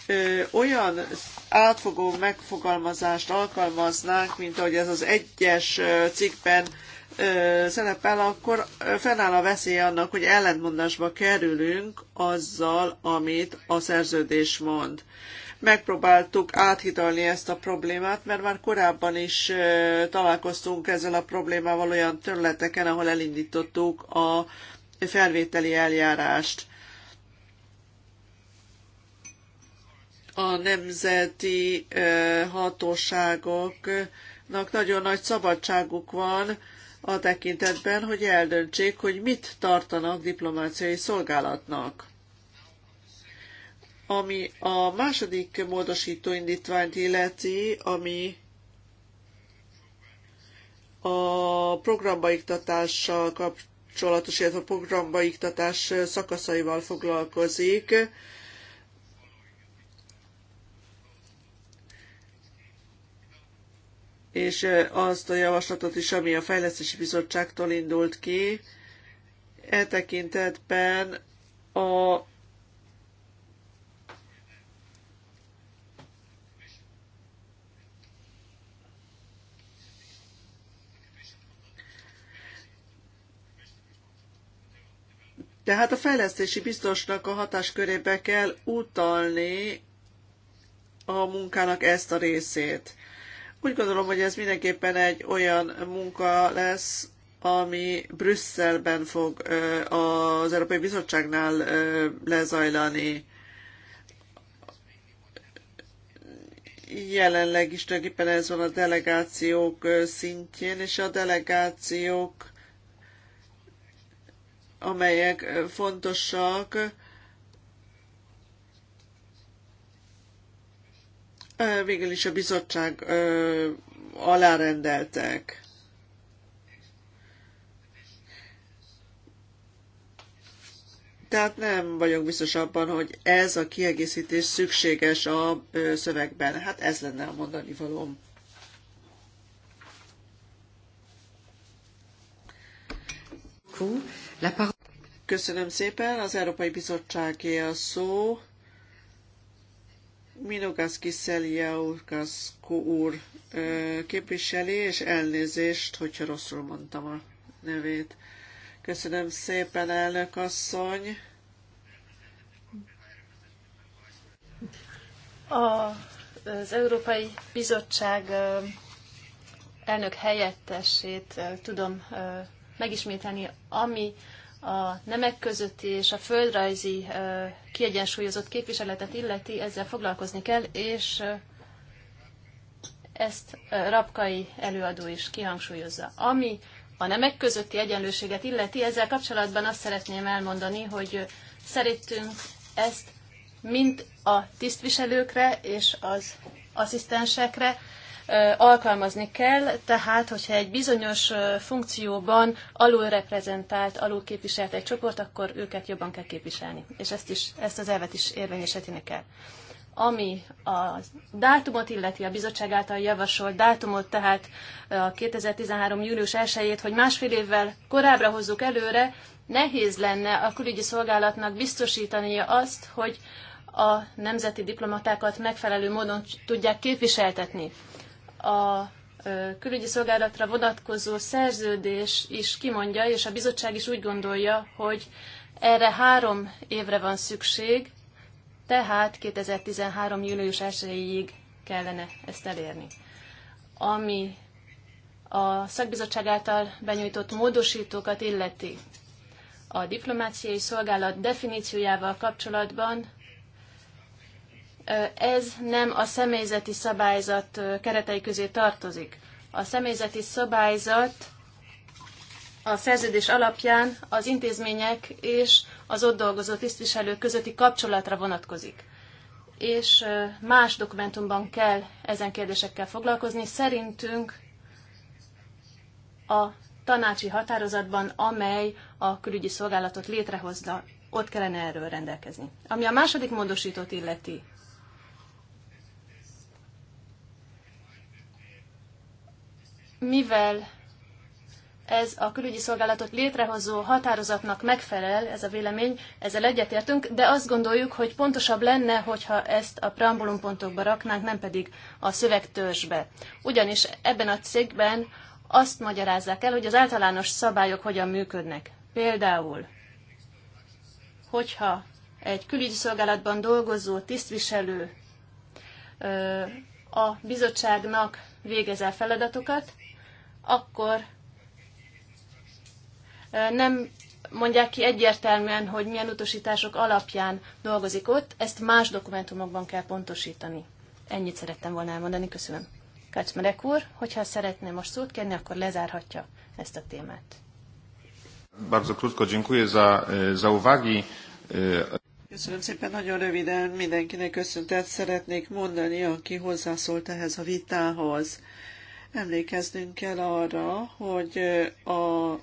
ö, olyan átfogó megfogalmazást alkalmaznánk, mint ahogy ez az egyes cikkben ö, szerepel, akkor fennáll a veszély annak, hogy ellentmondásba kerülünk azzal, amit a szerződés mond. Megpróbáltuk áthidalni ezt a problémát, mert már korábban is ö, találkoztunk ezzel a problémával olyan területeken, ahol elindítottuk a felvételi eljárást a nemzeti hatóságoknak nagyon nagy szabadságuk van a tekintetben, hogy eldöntsék, hogy mit tartanak diplomáciai szolgálatnak. Ami a második módosító indítványt illeti, ami a programbaiktatással kapcsolatos, illetve a programbaiktatás szakaszaival foglalkozik, és azt a javaslatot is, ami a Fejlesztési Bizottságtól indult ki, e tekintetben a Tehát a fejlesztési biztosnak a hatáskörébe kell utalni a munkának ezt a részét. Úgy gondolom, hogy ez mindenképpen egy olyan munka lesz, ami Brüsszelben fog az Európai Bizottságnál lezajlani. Jelenleg is tulajdonképpen ez van a delegációk szintjén, és a delegációk, amelyek fontosak, végül is a bizottság alárendeltek. Tehát nem vagyok biztos abban, hogy ez a kiegészítés szükséges a szövegben. Hát ez lenne a mondani valóm. Köszönöm szépen. Az Európai Bizottságé a szó. Minogaszki Szelia Urkaszko úr képviseli, és elnézést, hogyha rosszul mondtam a nevét. Köszönöm szépen, elnök asszony. az Európai Bizottság elnök helyettesét tudom megismételni, ami a nemek közötti és a földrajzi kiegyensúlyozott képviseletet illeti, ezzel foglalkozni kell, és ezt Rapkai előadó is kihangsúlyozza. Ami a nemek közötti egyenlőséget illeti, ezzel kapcsolatban azt szeretném elmondani, hogy szerintünk ezt mind a tisztviselőkre és az asszisztensekre, alkalmazni kell, tehát hogyha egy bizonyos funkcióban alulreprezentált, alulképviselt egy csoport, akkor őket jobban kell képviselni. És ezt, is, ezt az elvet is érvényesíteni kell. Ami a dátumot illeti, a bizottság által javasolt dátumot, tehát a 2013. július 1 hogy másfél évvel korábbra hozzuk előre, nehéz lenne a külügyi szolgálatnak biztosítania azt, hogy a nemzeti diplomatákat megfelelő módon tudják képviseltetni a külügyi szolgálatra vonatkozó szerződés is kimondja, és a bizottság is úgy gondolja, hogy erre három évre van szükség, tehát 2013. július 1-ig kellene ezt elérni. Ami a szakbizottság által benyújtott módosítókat illeti. A diplomáciai szolgálat definíciójával kapcsolatban ez nem a személyzeti szabályzat keretei közé tartozik. A személyzeti szabályzat a szerződés alapján az intézmények és az ott dolgozó tisztviselők közötti kapcsolatra vonatkozik. És más dokumentumban kell ezen kérdésekkel foglalkozni. Szerintünk a tanácsi határozatban, amely a külügyi szolgálatot létrehozza, ott kellene erről rendelkezni. Ami a második módosítót illeti, mivel ez a külügyi szolgálatot létrehozó határozatnak megfelel, ez a vélemény, ezzel egyetértünk, de azt gondoljuk, hogy pontosabb lenne, hogyha ezt a preambulum pontokba raknánk, nem pedig a szövegtörzsbe. Ugyanis ebben a cikkben azt magyarázzák el, hogy az általános szabályok hogyan működnek. Például, hogyha egy külügyi szolgálatban dolgozó tisztviselő a bizottságnak végezel el feladatokat, akkor nem mondják ki egyértelműen, hogy milyen utasítások alapján dolgozik ott, ezt más dokumentumokban kell pontosítani. Ennyit szerettem volna elmondani, köszönöm. Kacsmerek úr, hogyha szeretné most szót kérni, akkor lezárhatja ezt a témát. Bardzo krótko dziękuję za, e, za uwagi. E, köszönöm szépen, nagyon röviden mindenkinek köszöntet szeretnék mondani, aki hozzászólt ehhez a vitához. Emlékeznünk kell arra, hogy a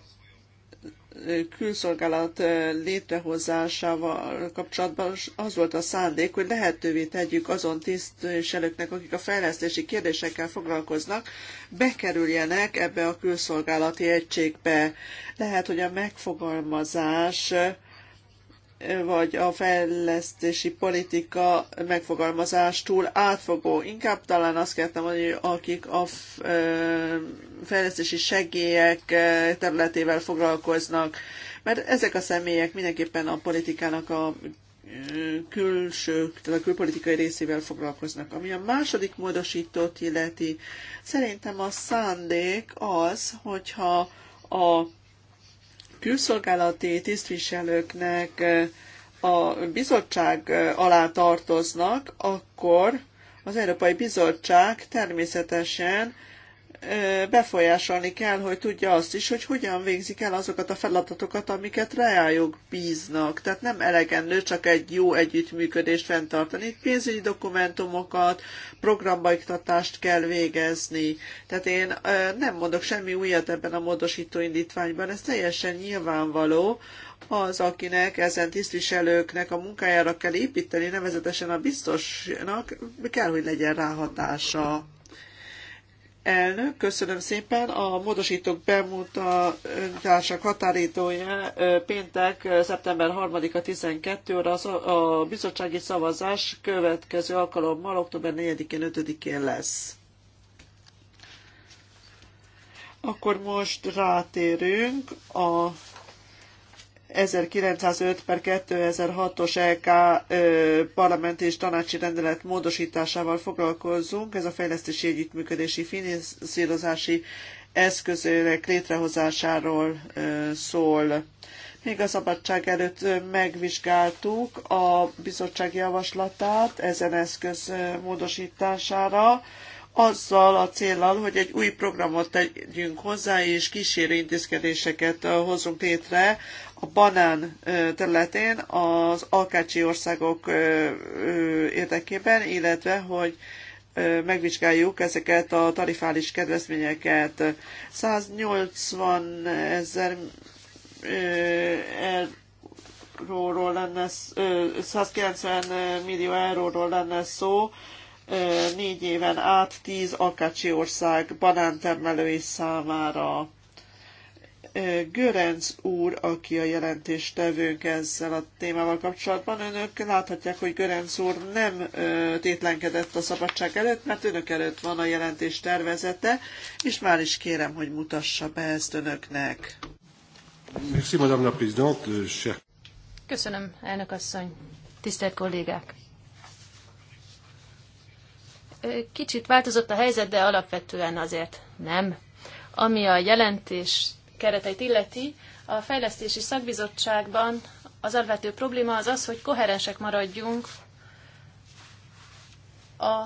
külszolgálat létrehozásával kapcsolatban az volt a szándék, hogy lehetővé tegyük azon tisztviselőknek, akik a fejlesztési kérdésekkel foglalkoznak, bekerüljenek ebbe a külszolgálati egységbe. Lehet, hogy a megfogalmazás vagy a fejlesztési politika megfogalmazás túl átfogó. Inkább talán azt kellettem mondani, akik a fejlesztési segélyek területével foglalkoznak, mert ezek a személyek mindenképpen a politikának a külső, tehát a külpolitikai részével foglalkoznak. Ami a második módosítót illeti, szerintem a szándék az, hogyha a külszolgálati tisztviselőknek eh, a bizottság eh, alá tartoznak, akkor az Európai Bizottság természetesen befolyásolni kell, hogy tudja azt is, hogy hogyan végzik el azokat a feladatokat, amiket rájuk bíznak. Tehát nem elegendő csak egy jó együttműködést fenntartani. Pénzügyi dokumentumokat, programbaiktatást kell végezni. Tehát én nem mondok semmi újat ebben a módosító indítványban, ez teljesen nyilvánvaló, az, akinek ezen tisztviselőknek a munkájára kell építeni, nevezetesen a biztosnak, kell, hogy legyen ráhatása. Elnök, köszönöm szépen. A módosítók bemutatásának határidója péntek, szeptember 3-a 12 óra, a bizottsági szavazás következő alkalommal október 4-én, 5-én lesz. Akkor most rátérünk a 1905 per 2006-os LK e parlamenti és tanácsi rendelet módosításával foglalkozunk, Ez a fejlesztési együttműködési finanszírozási eszközérek létrehozásáról szól. Még a szabadság előtt megvizsgáltuk a bizottság javaslatát ezen eszköz módosítására, azzal a célral, hogy egy új programot tegyünk hozzá, és kísérő intézkedéseket hozunk létre a banán területén az alkácsi országok érdekében, illetve hogy megvizsgáljuk ezeket a tarifális kedvezményeket. 180 ezer euróról lenne, 190 millió euróról lenne szó, négy éven át tíz akácsi ország banántermelői számára. Görenc úr, aki a jelentéstevőnk ezzel a témával kapcsolatban. Önök láthatják, hogy Görenc úr nem tétlenkedett a szabadság előtt, mert önök előtt van a jelentés tervezete, és már is kérem, hogy mutassa be ezt önöknek. Merci, Madame la Présidente. Euh, Köszönöm, elnök asszony. Tisztelt kollégák! Kicsit változott a helyzet, de alapvetően azért nem. Ami a jelentés kereteit illeti, a fejlesztési szakbizottságban az alapvető probléma az az, hogy koherensek maradjunk a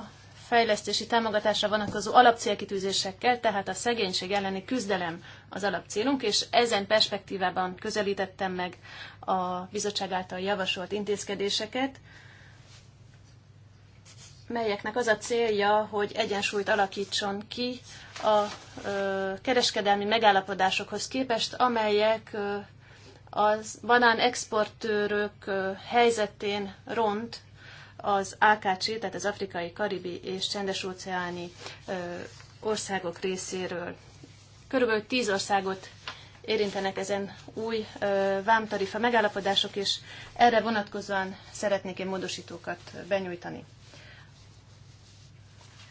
fejlesztési támogatásra vonatkozó alapcélkitűzésekkel, tehát a szegénység elleni küzdelem az alapcélunk, és ezen perspektívában közelítettem meg a bizottság által javasolt intézkedéseket, melyeknek az a célja, hogy egyensúlyt alakítson ki a kereskedelmi megállapodásokhoz képest, amelyek az banán exportőrök helyzetén ront az AKC, tehát az afrikai, karibi és csendes-óceáni országok részéről. Körülbelül tíz országot érintenek ezen új vámtarifa megállapodások, és erre vonatkozóan szeretnék én módosítókat benyújtani.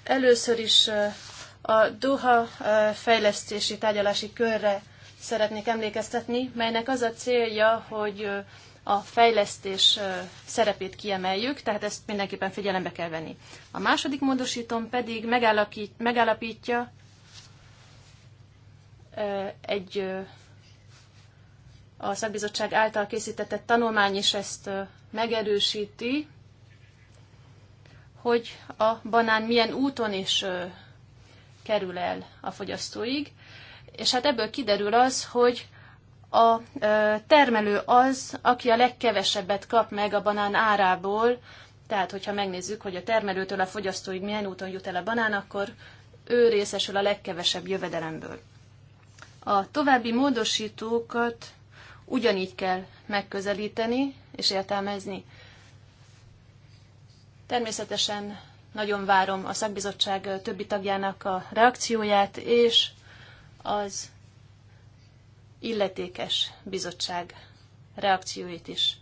Először is a Doha fejlesztési tárgyalási körre szeretnék emlékeztetni, melynek az a célja, hogy a fejlesztés szerepét kiemeljük, tehát ezt mindenképpen figyelembe kell venni. A második módosítom pedig megállapítja egy a szakbizottság által készített tanulmány és ezt megerősíti, hogy a banán milyen úton is kerül el a fogyasztóig. És hát ebből kiderül az, hogy a termelő az, aki a legkevesebbet kap meg a banán árából, tehát hogyha megnézzük, hogy a termelőtől a fogyasztóig milyen úton jut el a banán, akkor ő részesül a legkevesebb jövedelemből. A további módosítókat ugyanígy kell megközelíteni és értelmezni. Természetesen nagyon várom a szakbizottság többi tagjának a reakcióját, és az illetékes bizottság reakcióit is.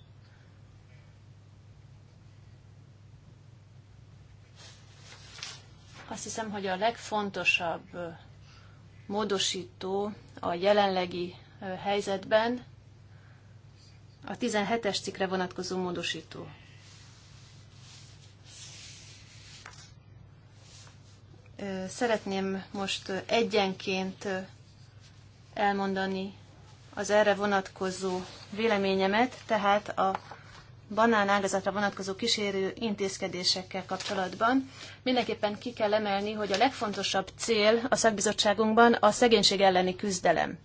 Azt hiszem, hogy a legfontosabb módosító a jelenlegi helyzetben a 17-es cikkre vonatkozó módosító. Szeretném most egyenként elmondani az erre vonatkozó véleményemet, tehát a banán ágazatra vonatkozó kísérő intézkedésekkel kapcsolatban. Mindenképpen ki kell emelni, hogy a legfontosabb cél a szakbizottságunkban a szegénység elleni küzdelem.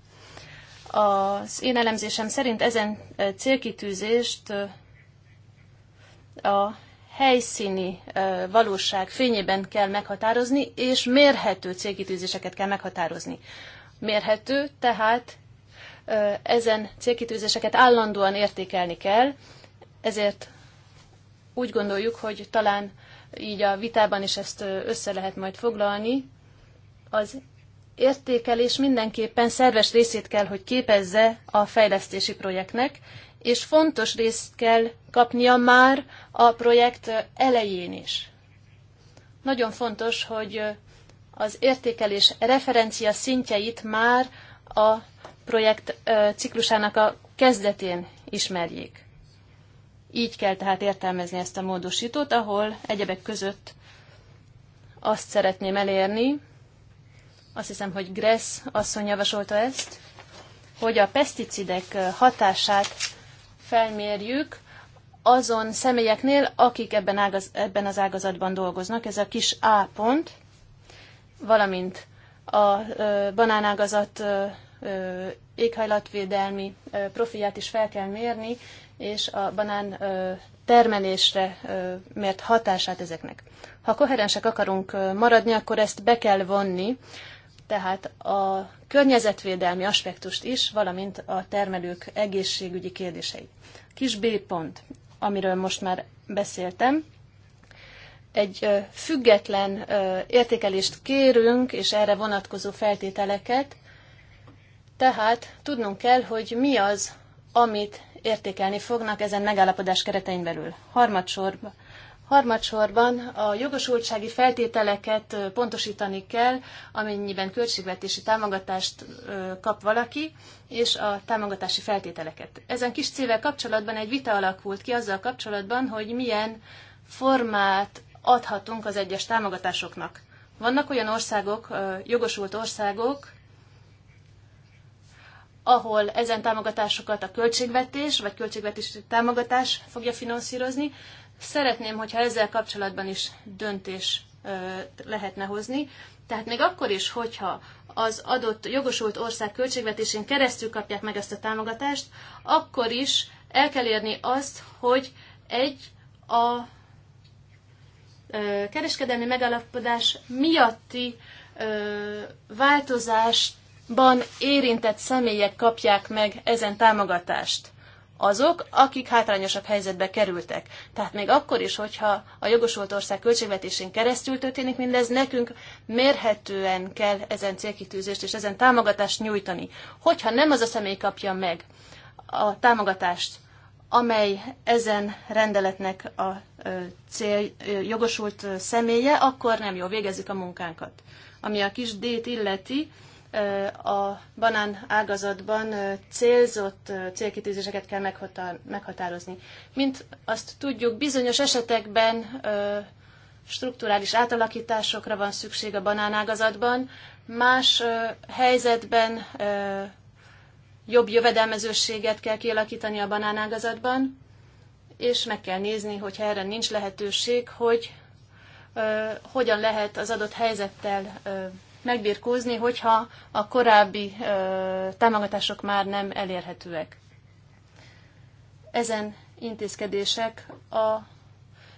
Az én elemzésem szerint ezen célkitűzést a helyszíni valóság fényében kell meghatározni, és mérhető célkitűzéseket kell meghatározni. Mérhető, tehát ezen célkitűzéseket állandóan értékelni kell, ezért úgy gondoljuk, hogy talán így a vitában is ezt össze lehet majd foglalni, az értékelés mindenképpen szerves részét kell, hogy képezze a fejlesztési projektnek, és fontos részt kell kapnia már a projekt elején is. Nagyon fontos, hogy az értékelés referencia szintjeit már a projekt ciklusának a kezdetén ismerjék. Így kell tehát értelmezni ezt a módosítót, ahol egyebek között azt szeretném elérni, azt hiszem, hogy Gressz asszony javasolta ezt, hogy a peszticidek hatását felmérjük azon személyeknél, akik ebben, ágaz, ebben az ágazatban dolgoznak. Ez a kis A pont, valamint a ö, banánágazat ö, ö, éghajlatvédelmi ö, profiát is fel kell mérni, és a banán ö, termelésre ö, mért hatását ezeknek. Ha koherensek akarunk maradni, akkor ezt be kell vonni tehát a környezetvédelmi aspektust is, valamint a termelők egészségügyi kérdéseit. Kis B pont, amiről most már beszéltem, egy független értékelést kérünk, és erre vonatkozó feltételeket, tehát tudnunk kell, hogy mi az, amit értékelni fognak ezen megállapodás keretein belül. Harmadsorban Harmadsorban a jogosultsági feltételeket pontosítani kell, amennyiben költségvetési támogatást kap valaki, és a támogatási feltételeket. Ezen kis cével kapcsolatban egy vita alakult ki azzal kapcsolatban, hogy milyen formát adhatunk az egyes támogatásoknak. Vannak olyan országok, jogosult országok, ahol ezen támogatásokat a költségvetés vagy költségvetési támogatás fogja finanszírozni, Szeretném, hogyha ezzel kapcsolatban is döntés lehetne hozni. Tehát még akkor is, hogyha az adott jogosult ország költségvetésén keresztül kapják meg ezt a támogatást, akkor is el kell érni azt, hogy egy a kereskedelmi megállapodás miatti változásban érintett személyek kapják meg ezen támogatást azok, akik hátrányosabb helyzetbe kerültek. Tehát még akkor is, hogyha a jogosult ország költségvetésén keresztül történik mindez, nekünk mérhetően kell ezen célkitűzést és ezen támogatást nyújtani. Hogyha nem az a személy kapja meg a támogatást, amely ezen rendeletnek a cél, jogosult személye, akkor nem jó, végezzük a munkánkat. Ami a kis D-t illeti, a banán ágazatban célzott célkitűzéseket kell meghatározni. Mint azt tudjuk, bizonyos esetekben strukturális átalakításokra van szükség a banánágazatban, más helyzetben jobb jövedelmezőséget kell kialakítani a banánágazatban, és meg kell nézni, hogyha erre nincs lehetőség, hogy hogyan lehet az adott helyzettel megbirkózni, hogyha a korábbi támogatások már nem elérhetőek. Ezen intézkedések a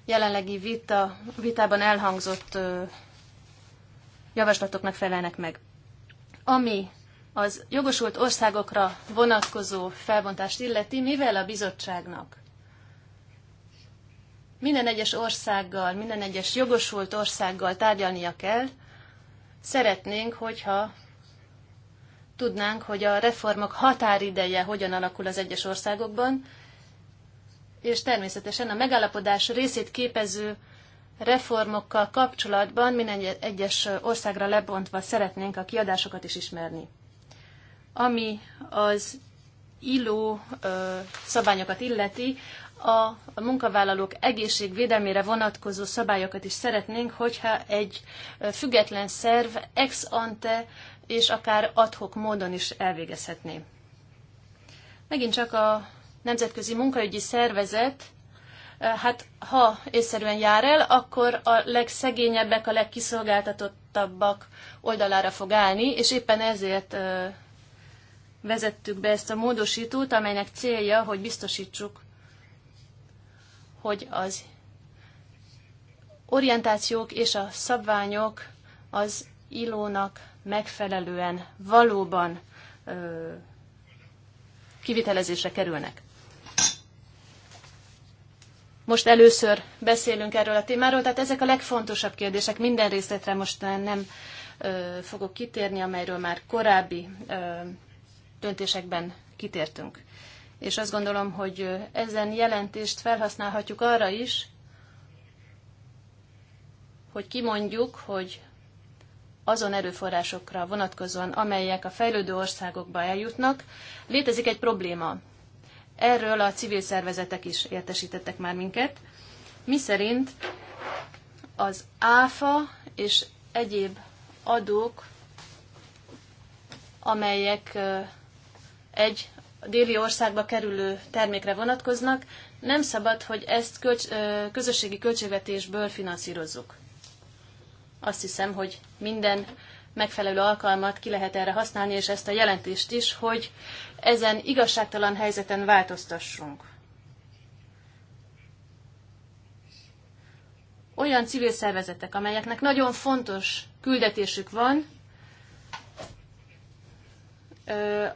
jelenlegi vita, vitában elhangzott javaslatoknak felelnek meg. Ami az jogosult országokra vonatkozó felbontást illeti, mivel a bizottságnak minden egyes országgal, minden egyes jogosult országgal tárgyalnia kell, Szeretnénk, hogyha tudnánk, hogy a reformok határideje hogyan alakul az egyes országokban, és természetesen a megállapodás részét képező reformokkal kapcsolatban minden egyes országra lebontva szeretnénk a kiadásokat is ismerni. Ami az illó szabályokat illeti, a munkavállalók egészségvédelmére vonatkozó szabályokat is szeretnénk, hogyha egy független szerv ex ante és akár adhok módon is elvégezhetné. Megint csak a Nemzetközi Munkaügyi Szervezet, hát ha észszerűen jár el, akkor a legszegényebbek, a legkiszolgáltatottabbak oldalára fog állni, és éppen ezért vezettük be ezt a módosítót, amelynek célja, hogy biztosítsuk hogy az orientációk és a szabványok az ilónak megfelelően valóban ö, kivitelezésre kerülnek. Most először beszélünk erről a témáról, tehát ezek a legfontosabb kérdések. Minden részletre most nem ö, fogok kitérni, amelyről már korábbi ö, döntésekben kitértünk és azt gondolom, hogy ezen jelentést felhasználhatjuk arra is, hogy kimondjuk, hogy azon erőforrásokra vonatkozóan, amelyek a fejlődő országokba eljutnak, létezik egy probléma. Erről a civil szervezetek is értesítettek már minket, mi szerint az áfa és egyéb adók, amelyek egy a déli országba kerülő termékre vonatkoznak, nem szabad, hogy ezt kölcs, közösségi költségvetésből finanszírozzuk. Azt hiszem, hogy minden megfelelő alkalmat ki lehet erre használni, és ezt a jelentést is, hogy ezen igazságtalan helyzeten változtassunk. Olyan civil szervezetek, amelyeknek nagyon fontos küldetésük van,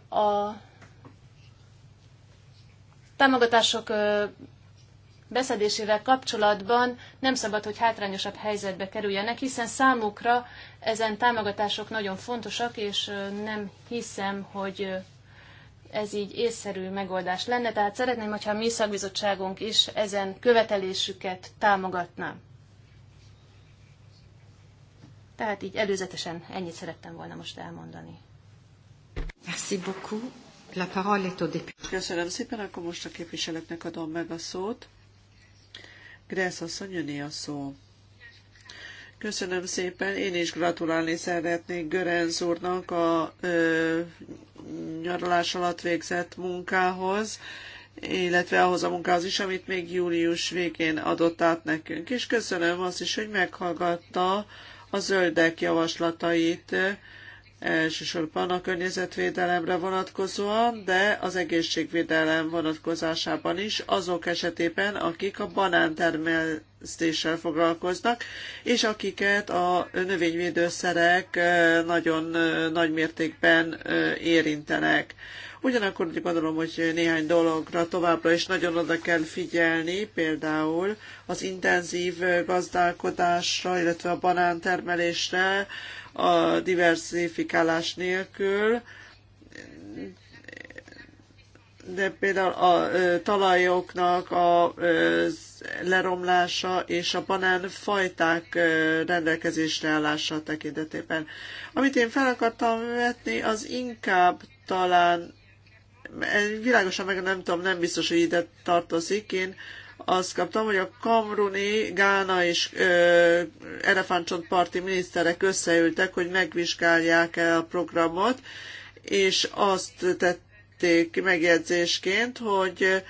a támogatások beszedésével kapcsolatban nem szabad, hogy hátrányosabb helyzetbe kerüljenek, hiszen számukra ezen támogatások nagyon fontosak, és nem hiszem, hogy ez így észszerű megoldás lenne. Tehát szeretném, hogyha a mi szakbizottságunk is ezen követelésüket támogatná. Tehát így előzetesen ennyit szerettem volna most elmondani. Merci beaucoup. La parole est au député. Köszönöm szépen, akkor most a képviselőknek adom meg a szót. Gressz asszony, jönné a szó. Köszönöm szépen, én is gratulálni szeretnék Görenz úrnak a ö, nyaralás alatt végzett munkához illetve ahhoz a munkához is, amit még július végén adott át nekünk. És köszönöm azt is, hogy meghallgatta a zöldek javaslatait, elsősorban a környezetvédelemre vonatkozóan, de az egészségvédelem vonatkozásában is azok esetében, akik a banántermesztéssel foglalkoznak, és akiket a növényvédőszerek nagyon nagy mértékben érintenek. Ugyanakkor úgy gondolom, hogy néhány dologra továbbra is nagyon oda kell figyelni, például az intenzív gazdálkodásra, illetve a banántermelésre, a diversifikálás nélkül, de például a talajoknak a leromlása és a banánfajták rendelkezésre állása tekintetében. Amit én fel akartam vetni, az inkább talán világosan meg nem tudom, nem biztos, hogy ide tartozik. Én azt kaptam, hogy a Kamruni, Gána és parti miniszterek összeültek, hogy megvizsgálják el a programot, és azt tették megjegyzésként, hogy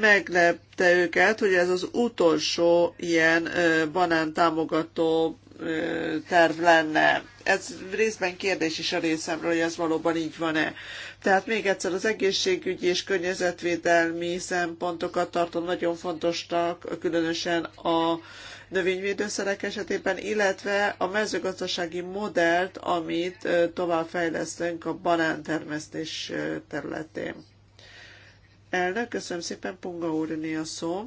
meglepte őket, hogy ez az utolsó ilyen banán támogató terv lenne. Ez részben kérdés is a részemről, hogy ez valóban így van-e. Tehát még egyszer az egészségügyi és környezetvédelmi szempontokat tartom nagyon fontosnak, különösen a növényvédőszerek esetében, illetve a mezőgazdasági modellt, amit továbbfejlesztünk a banántermesztés területén. Elnök, köszönöm szépen, Punga úrni a szó.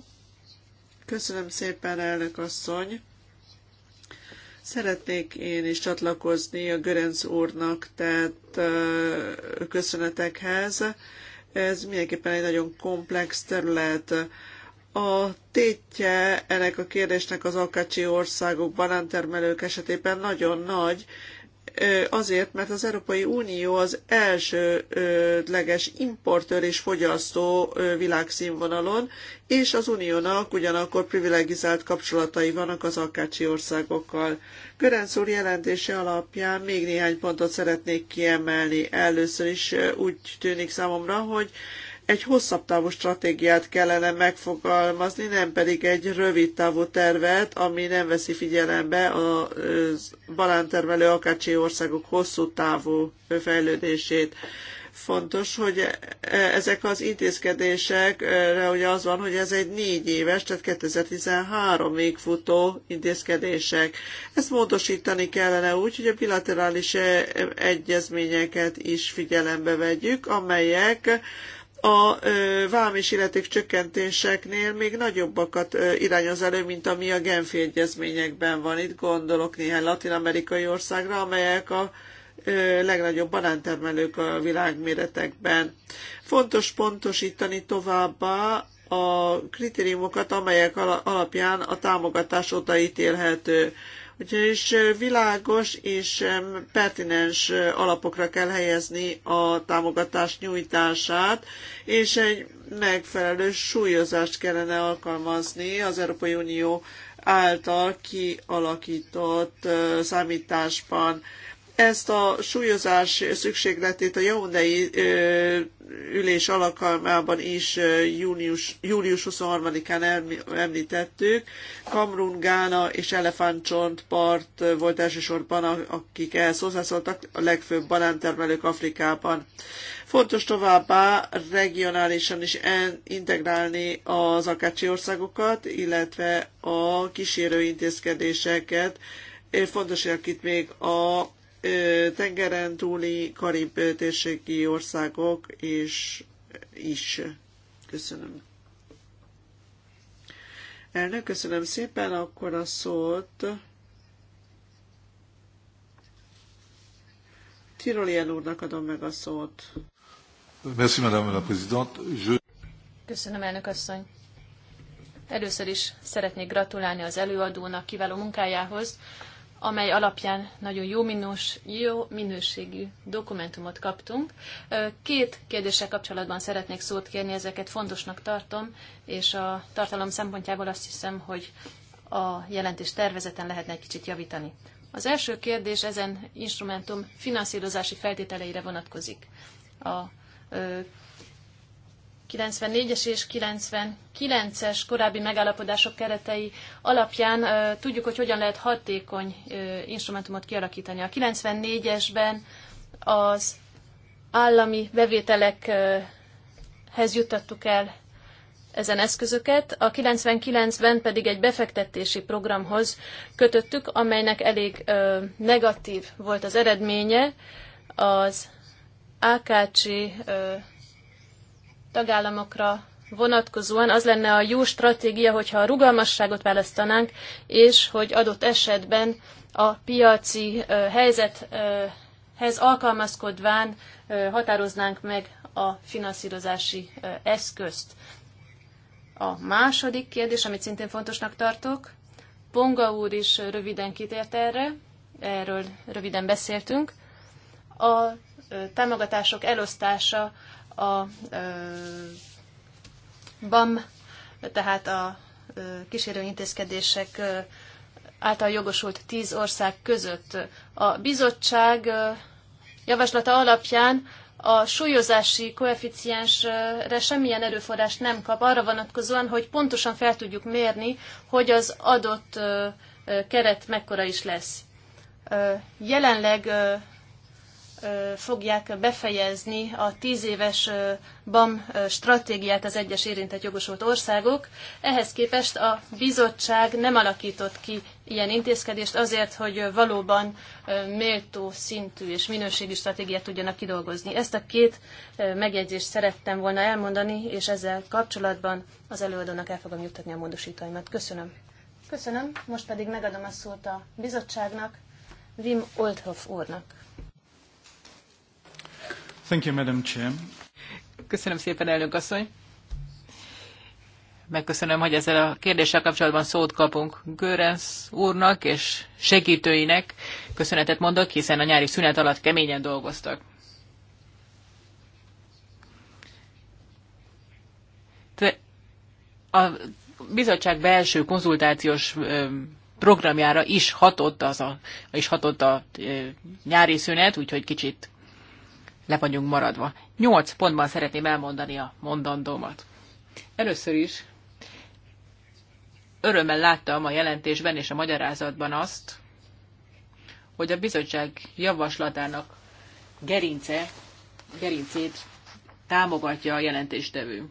Köszönöm szépen, elnök asszony. Szeretnék én is csatlakozni a Görenc úrnak tehát köszönetekhez. Ez mindenképpen egy nagyon komplex terület. A tétje ennek a kérdésnek az akácsi országok banántermelők esetében nagyon nagy, azért, mert az Európai Unió az elsődleges importőr és fogyasztó világszínvonalon, és az uniónak ugyanakkor privilegizált kapcsolatai vannak az akácsi országokkal. Görenc úr jelentése alapján még néhány pontot szeretnék kiemelni. Először is úgy tűnik számomra, hogy egy hosszabb távú stratégiát kellene megfogalmazni, nem pedig egy rövid távú tervet, ami nem veszi figyelembe a balántermelő akácsi országok hosszú távú fejlődését. Fontos, hogy e, e, ezek az intézkedésekre e, ugye az van, hogy ez egy négy éves, tehát 2013-ig futó intézkedések. Ezt módosítani kellene úgy, hogy a bilaterális egyezményeket is figyelembe vegyük, amelyek a vám és illeték csökkentéseknél még nagyobbakat irányoz elő, mint ami a Genfi egyezményekben van. Itt gondolok néhány latin-amerikai országra, amelyek a legnagyobb banántermelők a világméretekben. Fontos pontosítani továbbá a kritériumokat, amelyek alapján a támogatás odaítélhető. Úgyhogy világos és pertinens alapokra kell helyezni a támogatás nyújtását, és egy megfelelő súlyozást kellene alkalmazni az Európai Unió által kialakított számításban ezt a súlyozás szükségletét a Jaundai ülés alakalmában is június, július 23-án említettük. Kamrun, Gána és Elefántcsont part volt elsősorban, akik ehhez hozzászóltak, a legfőbb banántermelők Afrikában. Fontos továbbá regionálisan is integrálni az akácsi országokat, illetve a kísérő intézkedéseket. Fontos, hogy itt még a tengeren túli karib térségi országok és is. Köszönöm. Elnök, köszönöm szépen, akkor a szót Tirolien úrnak adom meg a szót. Merci, madame la présidente. Je... Köszönöm, elnök asszony. Először is szeretnék gratulálni az előadónak kiváló munkájához amely alapján nagyon jó, minős, jó minőségű dokumentumot kaptunk. Két kérdéssel kapcsolatban szeretnék szót kérni, ezeket fontosnak tartom, és a tartalom szempontjából azt hiszem, hogy a jelentés tervezeten lehetne egy kicsit javítani. Az első kérdés ezen instrumentum finanszírozási feltételeire vonatkozik. A 94-es és 99-es korábbi megállapodások keretei alapján tudjuk, hogy hogyan lehet hatékony instrumentumot kialakítani. A 94-esben az állami bevételekhez juttattuk el ezen eszközöket, a 99-ben pedig egy befektetési programhoz kötöttük, amelynek elég ö, negatív volt az eredménye. Az AKC ö, tagállamokra vonatkozóan az lenne a jó stratégia, hogyha a rugalmasságot választanánk, és hogy adott esetben a piaci helyzethez alkalmazkodván határoznánk meg a finanszírozási eszközt. A második kérdés, amit szintén fontosnak tartok, Ponga úr is röviden kitért erre, erről röviden beszéltünk, a támogatások elosztása a BAM, tehát a kísérő intézkedések által jogosult tíz ország között. A bizottság javaslata alapján a súlyozási koeficiensre semmilyen erőforrást nem kap arra vonatkozóan, hogy pontosan fel tudjuk mérni, hogy az adott keret mekkora is lesz. Jelenleg fogják befejezni a tíz éves BAM stratégiát az egyes érintett jogosult országok. Ehhez képest a bizottság nem alakított ki ilyen intézkedést azért, hogy valóban méltó szintű és minőségi stratégiát tudjanak kidolgozni. Ezt a két megjegyzést szerettem volna elmondani, és ezzel kapcsolatban az előadónak el fogom juttatni a módosítóimat. Köszönöm. Köszönöm, most pedig megadom a szót a bizottságnak, Wim Oldhoff úrnak. Thank you, Madam Chair. Köszönöm szépen, elnök asszony. Megköszönöm, hogy ezzel a kérdéssel kapcsolatban szót kapunk Görens úrnak és segítőinek. Köszönetet mondok, hiszen a nyári szünet alatt keményen dolgoztak. A bizottság belső konzultációs programjára is hatott, az a, is hatott a nyári szünet, úgyhogy kicsit le vagyunk maradva. Nyolc pontban szeretném elmondani a mondandómat. Először is örömmel láttam a jelentésben és a magyarázatban azt, hogy a bizottság javaslatának gerince, gerincét támogatja a jelentéstevő.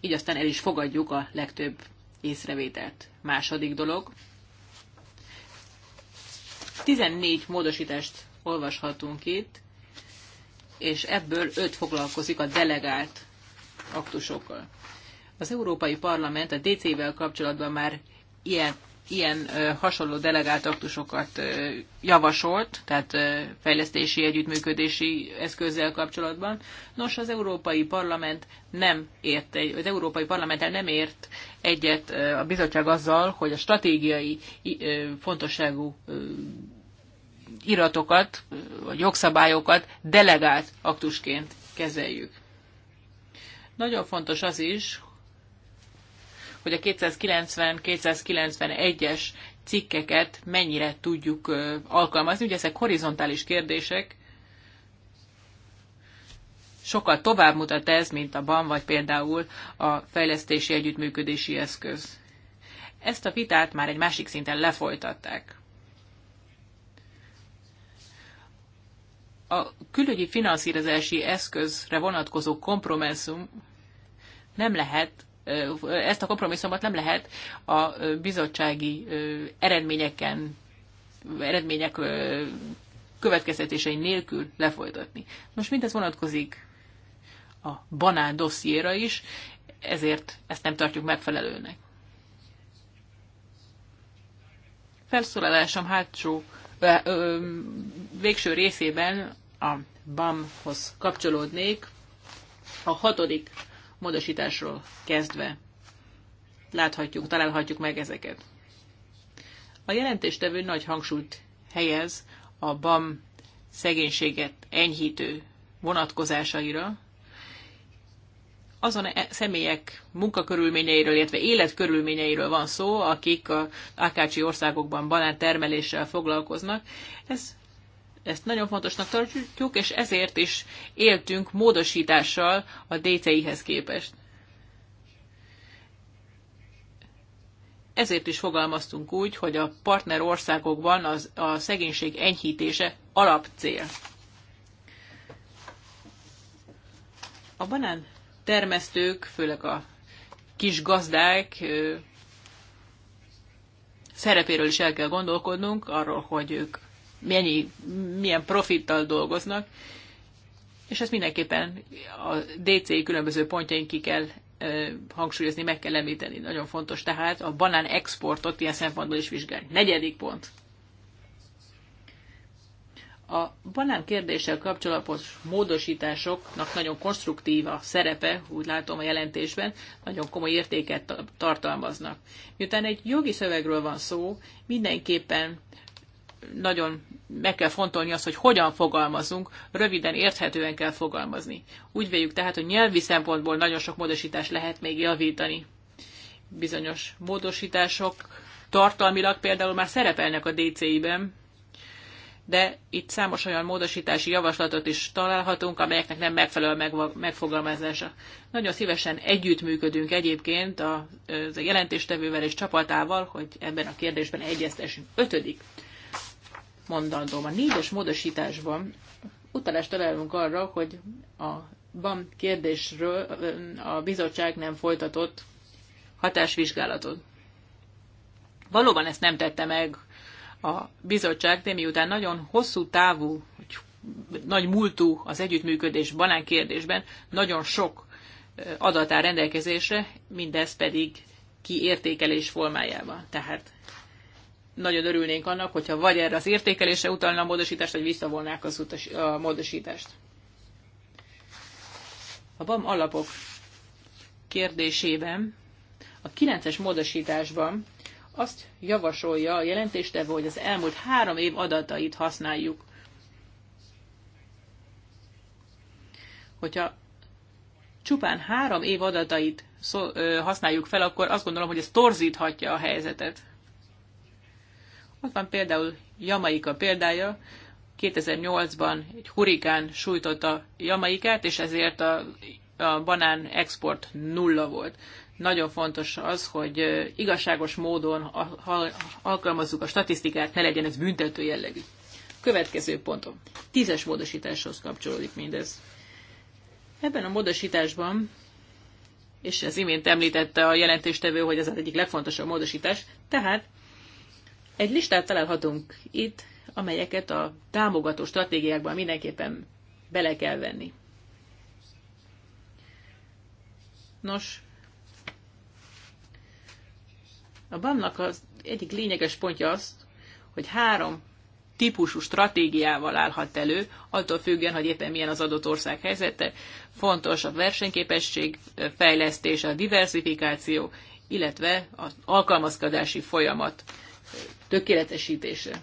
Így aztán el is fogadjuk a legtöbb észrevételt. Második dolog. 14 módosítást olvashatunk itt, és ebből öt foglalkozik a delegált aktusokkal. Az Európai Parlament a DC-vel kapcsolatban már ilyen, ilyen ö, hasonló delegált aktusokat ö, javasolt, tehát ö, fejlesztési együttműködési eszközzel kapcsolatban. Nos, az Európai Parlament nem ért, az Európai Parlamenttel nem ért egyet ö, a bizottság azzal, hogy a stratégiai ö, fontosságú ö, iratokat, vagy jogszabályokat delegált aktusként kezeljük. Nagyon fontos az is, hogy a 290-291-es cikkeket mennyire tudjuk alkalmazni. Ugye ezek horizontális kérdések, sokkal tovább mutat ez, mint a BAN, vagy például a fejlesztési együttműködési eszköz. Ezt a vitát már egy másik szinten lefolytatták. a külügyi finanszírozási eszközre vonatkozó kompromisszum nem lehet, ezt a kompromisszumot nem lehet a bizottsági eredményeken, eredmények következtetései nélkül lefolytatni. Most mindez vonatkozik a banán dossziéra is, ezért ezt nem tartjuk megfelelőnek. Felszólalásom hátsó végső részében a BAM-hoz kapcsolódnék, a hatodik módosításról kezdve láthatjuk, találhatjuk meg ezeket. A jelentéstevő nagy hangsúlyt helyez a BAM szegénységet enyhítő vonatkozásaira, azon e- személyek munkakörülményeiről, illetve életkörülményeiről van szó, akik a Akácsi országokban banán termeléssel foglalkoznak. Ez, ezt nagyon fontosnak tartjuk, és ezért is éltünk módosítással a DCI-hez képest. Ezért is fogalmaztunk úgy, hogy a partner országokban az, a szegénység enyhítése alapcél. A banán termesztők, főleg a kis gazdák szerepéről is el kell gondolkodnunk, arról, hogy ők mennyi, milyen profittal dolgoznak, és ezt mindenképpen a DC különböző pontjain ki kell hangsúlyozni, meg kell említeni. Nagyon fontos tehát a banán exportot ilyen szempontból is vizsgálni. Negyedik pont. A banán kérdéssel kapcsolatos módosításoknak nagyon konstruktív a szerepe, úgy látom a jelentésben, nagyon komoly értéket tartalmaznak. Miután egy jogi szövegről van szó, mindenképpen nagyon meg kell fontolni azt, hogy hogyan fogalmazunk, röviden, érthetően kell fogalmazni. Úgy véljük tehát, hogy nyelvi szempontból nagyon sok módosítás lehet még javítani. Bizonyos módosítások tartalmilag például már szerepelnek a DC-ben, de itt számos olyan módosítási javaslatot is találhatunk, amelyeknek nem megfelelő megfogalmazása. Nagyon szívesen együttműködünk egyébként a, a jelentéstevővel és csapatával, hogy ebben a kérdésben egyeztessünk. Ötödik mondandóm. A négyes módosításban utalást találunk arra, hogy a BAM kérdésről a bizottság nem folytatott hatásvizsgálatot. Valóban ezt nem tette meg a bizottság de miután nagyon hosszú távú, nagy múltú az együttműködés banán kérdésben, nagyon sok adat áll rendelkezésre, mindez pedig kiértékelés formájában. Tehát nagyon örülnénk annak, hogyha vagy erre az értékelésre utalna a módosítást, vagy visszavonnák az utas, a módosítást. A BAM alapok kérdésében a 9-es módosításban azt javasolja a jelentéstevő, hogy az elmúlt három év adatait használjuk. Hogyha csupán három év adatait használjuk fel, akkor azt gondolom, hogy ez torzíthatja a helyzetet. Ott van például Jamaika példája. 2008-ban egy hurikán sújtotta Jamaikát, és ezért a, a banán export nulla volt nagyon fontos az, hogy igazságos módon alkalmazzuk a statisztikát, ne legyen ez büntető jellegű. Következő pontom. Tízes módosításhoz kapcsolódik mindez. Ebben a módosításban, és ez imént említette a jelentéstevő, hogy ez az egyik legfontosabb módosítás, tehát egy listát találhatunk itt, amelyeket a támogató stratégiákban mindenképpen bele kell venni. Nos, a BAM-nak az egyik lényeges pontja az, hogy három típusú stratégiával állhat elő, attól függően, hogy éppen milyen az adott ország helyzete. Fontos a versenyképesség fejlesztése, a diversifikáció, illetve az alkalmazkodási folyamat tökéletesítése.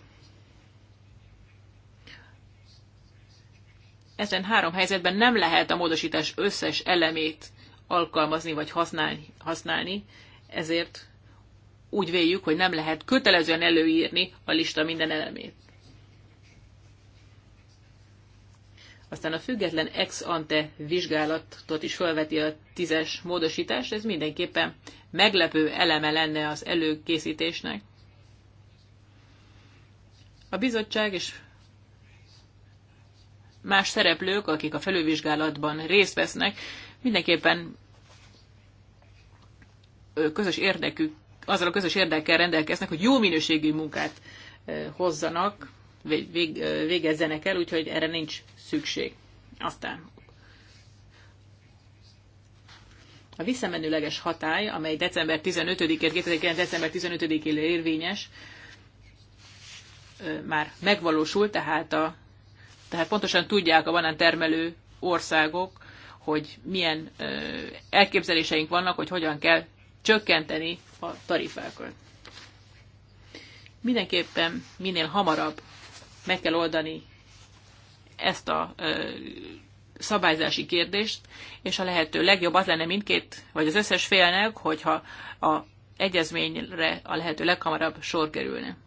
Ezen három helyzetben nem lehet a módosítás összes elemét alkalmazni vagy használni, használni ezért úgy véljük, hogy nem lehet kötelezően előírni a lista minden elemét. Aztán a független ex ante vizsgálatot is felveti a tízes módosítás, ez mindenképpen meglepő eleme lenne az előkészítésnek. A bizottság és más szereplők, akik a felülvizsgálatban részt vesznek, mindenképpen közös érdekük azzal a közös érdekkel rendelkeznek, hogy jó minőségű munkát hozzanak, végezzenek el, úgyhogy erre nincs szükség. Aztán a visszamenőleges hatály, amely december 15-ért, 2009. december 15 én érvényes, már megvalósult, tehát, a, tehát pontosan tudják a termelő országok, hogy milyen elképzeléseink vannak, hogy hogyan kell csökkenteni a tarifákat. Mindenképpen minél hamarabb meg kell oldani ezt a ö, szabályzási kérdést, és a lehető legjobb az lenne mindkét, vagy az összes félnek, hogyha a egyezményre a lehető leghamarabb sor kerülne.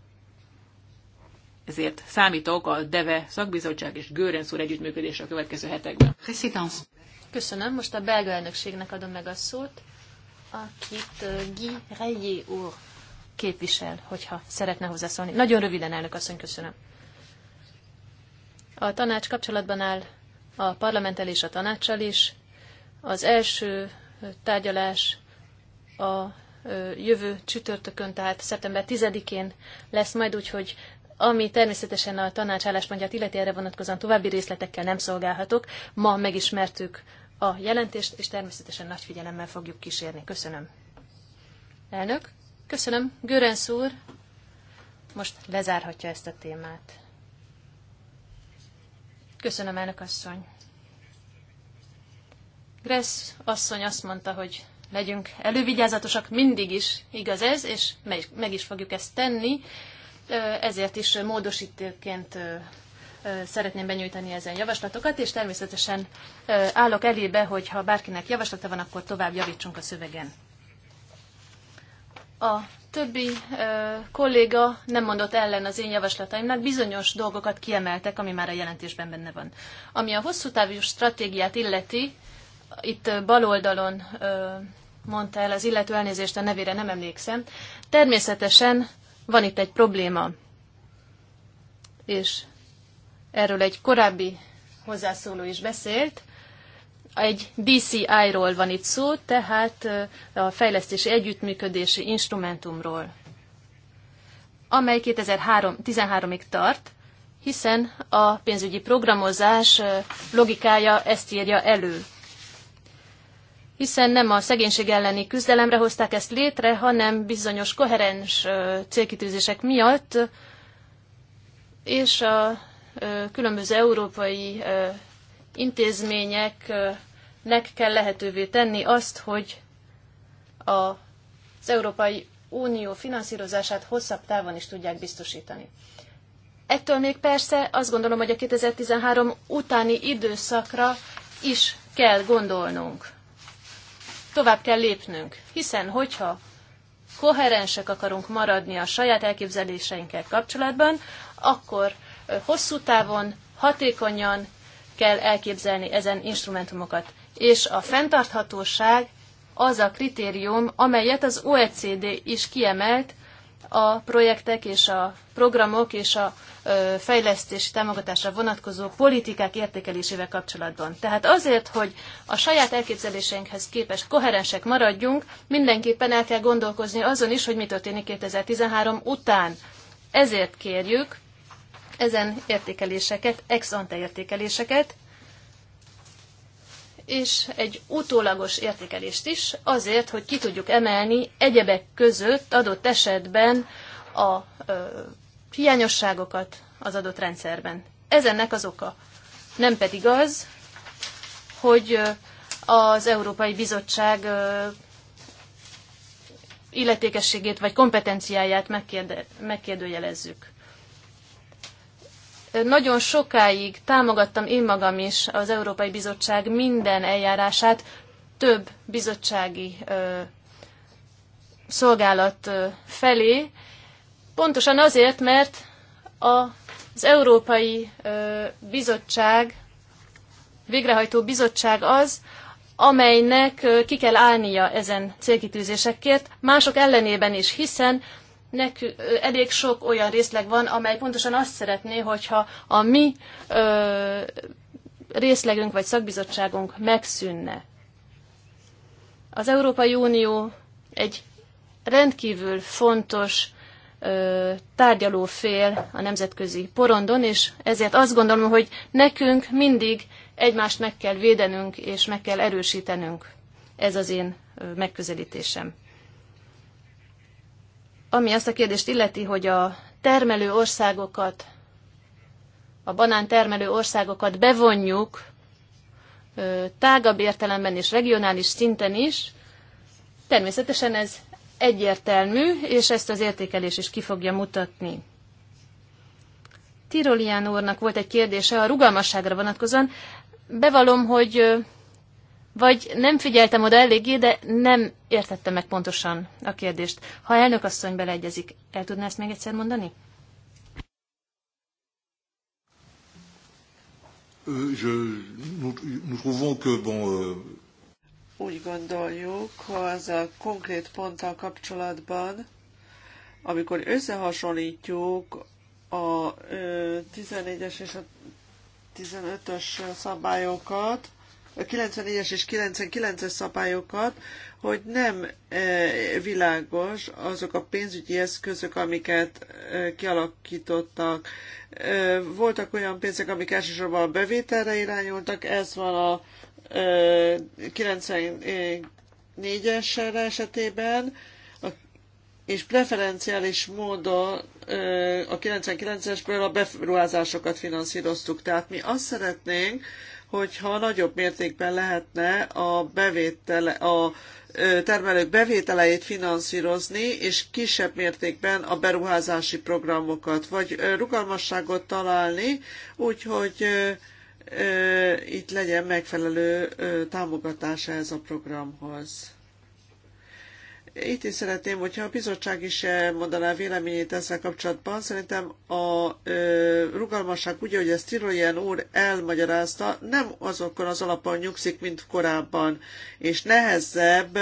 Ezért számítok a DEVE szakbizottság és Görenc úr együttműködésre a következő hetekben. Köszönöm. Most a belga elnökségnek adom meg a szót akit Guy Reyé úr képvisel, hogyha szeretne hozzászólni. Nagyon röviden, elnök asszony, köszönöm. A tanács kapcsolatban áll a parlamenttel és a tanácssal is. Az első tárgyalás a jövő csütörtökön, tehát szeptember 10-én lesz majd, úgyhogy ami természetesen a tanács álláspontját illeti erre vonatkozóan további részletekkel nem szolgálhatok. Ma megismertük a jelentést, és természetesen nagy figyelemmel fogjuk kísérni. Köszönöm. Elnök, köszönöm. Görens úr, most lezárhatja ezt a témát. Köszönöm, elnök asszony. Gressz asszony azt mondta, hogy legyünk elővigyázatosak, mindig is igaz ez, és meg is fogjuk ezt tenni. Ezért is módosítőként szeretném benyújtani ezen javaslatokat, és természetesen állok elébe, hogy ha bárkinek javaslata van, akkor tovább javítsunk a szövegen. A többi kolléga nem mondott ellen az én javaslataimnak, bizonyos dolgokat kiemeltek, ami már a jelentésben benne van. Ami a hosszú távú stratégiát illeti, itt bal oldalon mondta el az illető elnézést, a nevére nem emlékszem. Természetesen van itt egy probléma, és erről egy korábbi hozzászóló is beszélt. Egy DCI-ról van itt szó, tehát a fejlesztési együttműködési instrumentumról, amely 2013-ig tart, hiszen a pénzügyi programozás logikája ezt írja elő. Hiszen nem a szegénység elleni küzdelemre hozták ezt létre, hanem bizonyos koherens célkitűzések miatt, és a különböző európai intézményeknek kell lehetővé tenni azt, hogy az Európai Unió finanszírozását hosszabb távon is tudják biztosítani. Ettől még persze azt gondolom, hogy a 2013 utáni időszakra is kell gondolnunk. Tovább kell lépnünk, hiszen hogyha koherensek akarunk maradni a saját elképzeléseinkkel kapcsolatban, akkor hosszú távon, hatékonyan kell elképzelni ezen instrumentumokat. És a fenntarthatóság az a kritérium, amelyet az OECD is kiemelt a projektek és a programok és a fejlesztési támogatásra vonatkozó politikák értékelésével kapcsolatban. Tehát azért, hogy a saját elképzeléseinkhez képest koherensek maradjunk, mindenképpen el kell gondolkozni azon is, hogy mi történik 2013 után. Ezért kérjük ezen értékeléseket, ex ante értékeléseket, és egy utólagos értékelést is, azért, hogy ki tudjuk emelni egyebek között adott esetben a ö, hiányosságokat az adott rendszerben. Ezennek az oka. Nem pedig az, hogy az Európai Bizottság ö, illetékességét vagy kompetenciáját megkérde, megkérdőjelezzük. Nagyon sokáig támogattam én magam is az Európai Bizottság minden eljárását, több bizottsági szolgálat felé, pontosan azért, mert az Európai Bizottság, végrehajtó bizottság az, amelynek ki kell állnia ezen célkitűzésekért, mások ellenében is, hiszen Nekünk elég sok olyan részleg van, amely pontosan azt szeretné, hogyha a mi ö, részlegünk vagy szakbizottságunk megszűnne. Az Európai Unió egy rendkívül fontos ö, fél a nemzetközi porondon, és ezért azt gondolom, hogy nekünk mindig egymást meg kell védenünk és meg kell erősítenünk. Ez az én megközelítésem. Ami azt a kérdést illeti, hogy a termelő országokat, a banán termelő országokat bevonjuk tágabb értelemben és regionális szinten is, természetesen ez egyértelmű, és ezt az értékelés is ki fogja mutatni. Tirolián úrnak volt egy kérdése a rugalmasságra vonatkozóan. Bevalom, hogy vagy nem figyeltem oda eléggé, de nem értettem meg pontosan a kérdést. Ha elnök asszony beleegyezik, el tudná ezt még egyszer mondani? Euh, euh, Úgy gondoljuk, hogy az a konkrét ponttal kapcsolatban, amikor összehasonlítjuk a 14-es és a 15-ös szabályokat, a 94-es és 99-es szabályokat, hogy nem e, világos azok a pénzügyi eszközök, amiket e, kialakítottak. E, voltak olyan pénzek, amik elsősorban a bevételre irányultak, ez van a 94-es esetében, és preferenciális módon a 99-esből a beruházásokat finanszíroztuk. Tehát mi azt szeretnénk, hogyha nagyobb mértékben lehetne a, bevétele, a termelők bevételeit finanszírozni, és kisebb mértékben a beruházási programokat, vagy rugalmasságot találni, úgyhogy itt legyen megfelelő támogatás ez a programhoz. Itt is szeretném, hogyha a bizottság is mondaná véleményét ezzel kapcsolatban. Szerintem a ö, rugalmasság, úgy, hogy ezt Tirolien úr elmagyarázta, nem azokon az alapon nyugszik, mint korábban, és nehezebb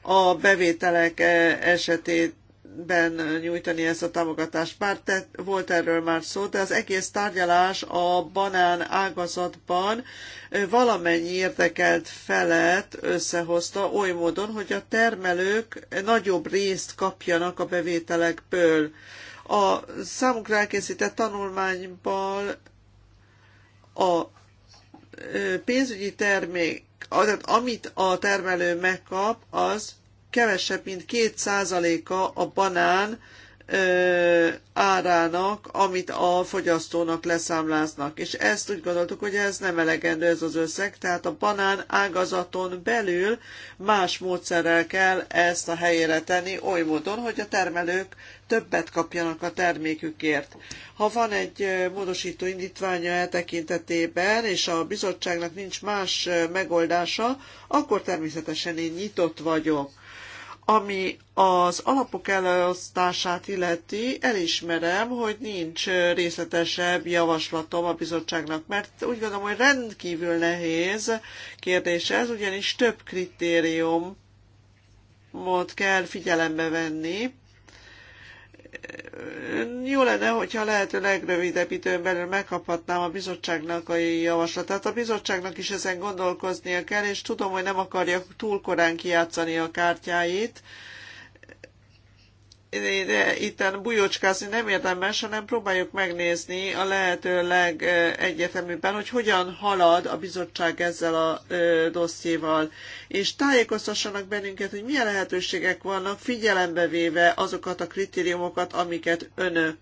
a bevételek esetét ben nyújtani ezt a támogatást. Bár te, volt erről már szó, de az egész tárgyalás a banán ágazatban valamennyi érdekelt felet összehozta oly módon, hogy a termelők nagyobb részt kapjanak a bevételekből. A számukra elkészített tanulmányból a pénzügyi termék, tehát amit a termelő megkap, az kevesebb, mint 2%-a a banán ö, árának, amit a fogyasztónak leszámláznak. És ezt úgy gondoltuk, hogy ez nem elegendő ez az összeg, tehát a banán ágazaton belül más módszerrel kell ezt a helyére tenni, oly módon, hogy a termelők többet kapjanak a termékükért. Ha van egy módosító indítványa e tekintetében, és a bizottságnak nincs más megoldása, akkor természetesen én nyitott vagyok ami az alapok elosztását illeti, elismerem, hogy nincs részletesebb javaslatom a bizottságnak, mert úgy gondolom, hogy rendkívül nehéz kérdés ez, ugyanis több kritériumot kell figyelembe venni, jó lenne, hogyha lehető legrövidebb időn belül megkaphatnám a bizottságnak a javaslatát. A bizottságnak is ezen gondolkoznia kell, és tudom, hogy nem akarja túl korán kijátszani a kártyáit, itt bujócskázni nem érdemes, hanem próbáljuk megnézni a lehető legegyeteműbben, hogy hogyan halad a bizottság ezzel a dossziéval, és tájékoztassanak bennünket, hogy milyen lehetőségek vannak, figyelembe véve azokat a kritériumokat, amiket önök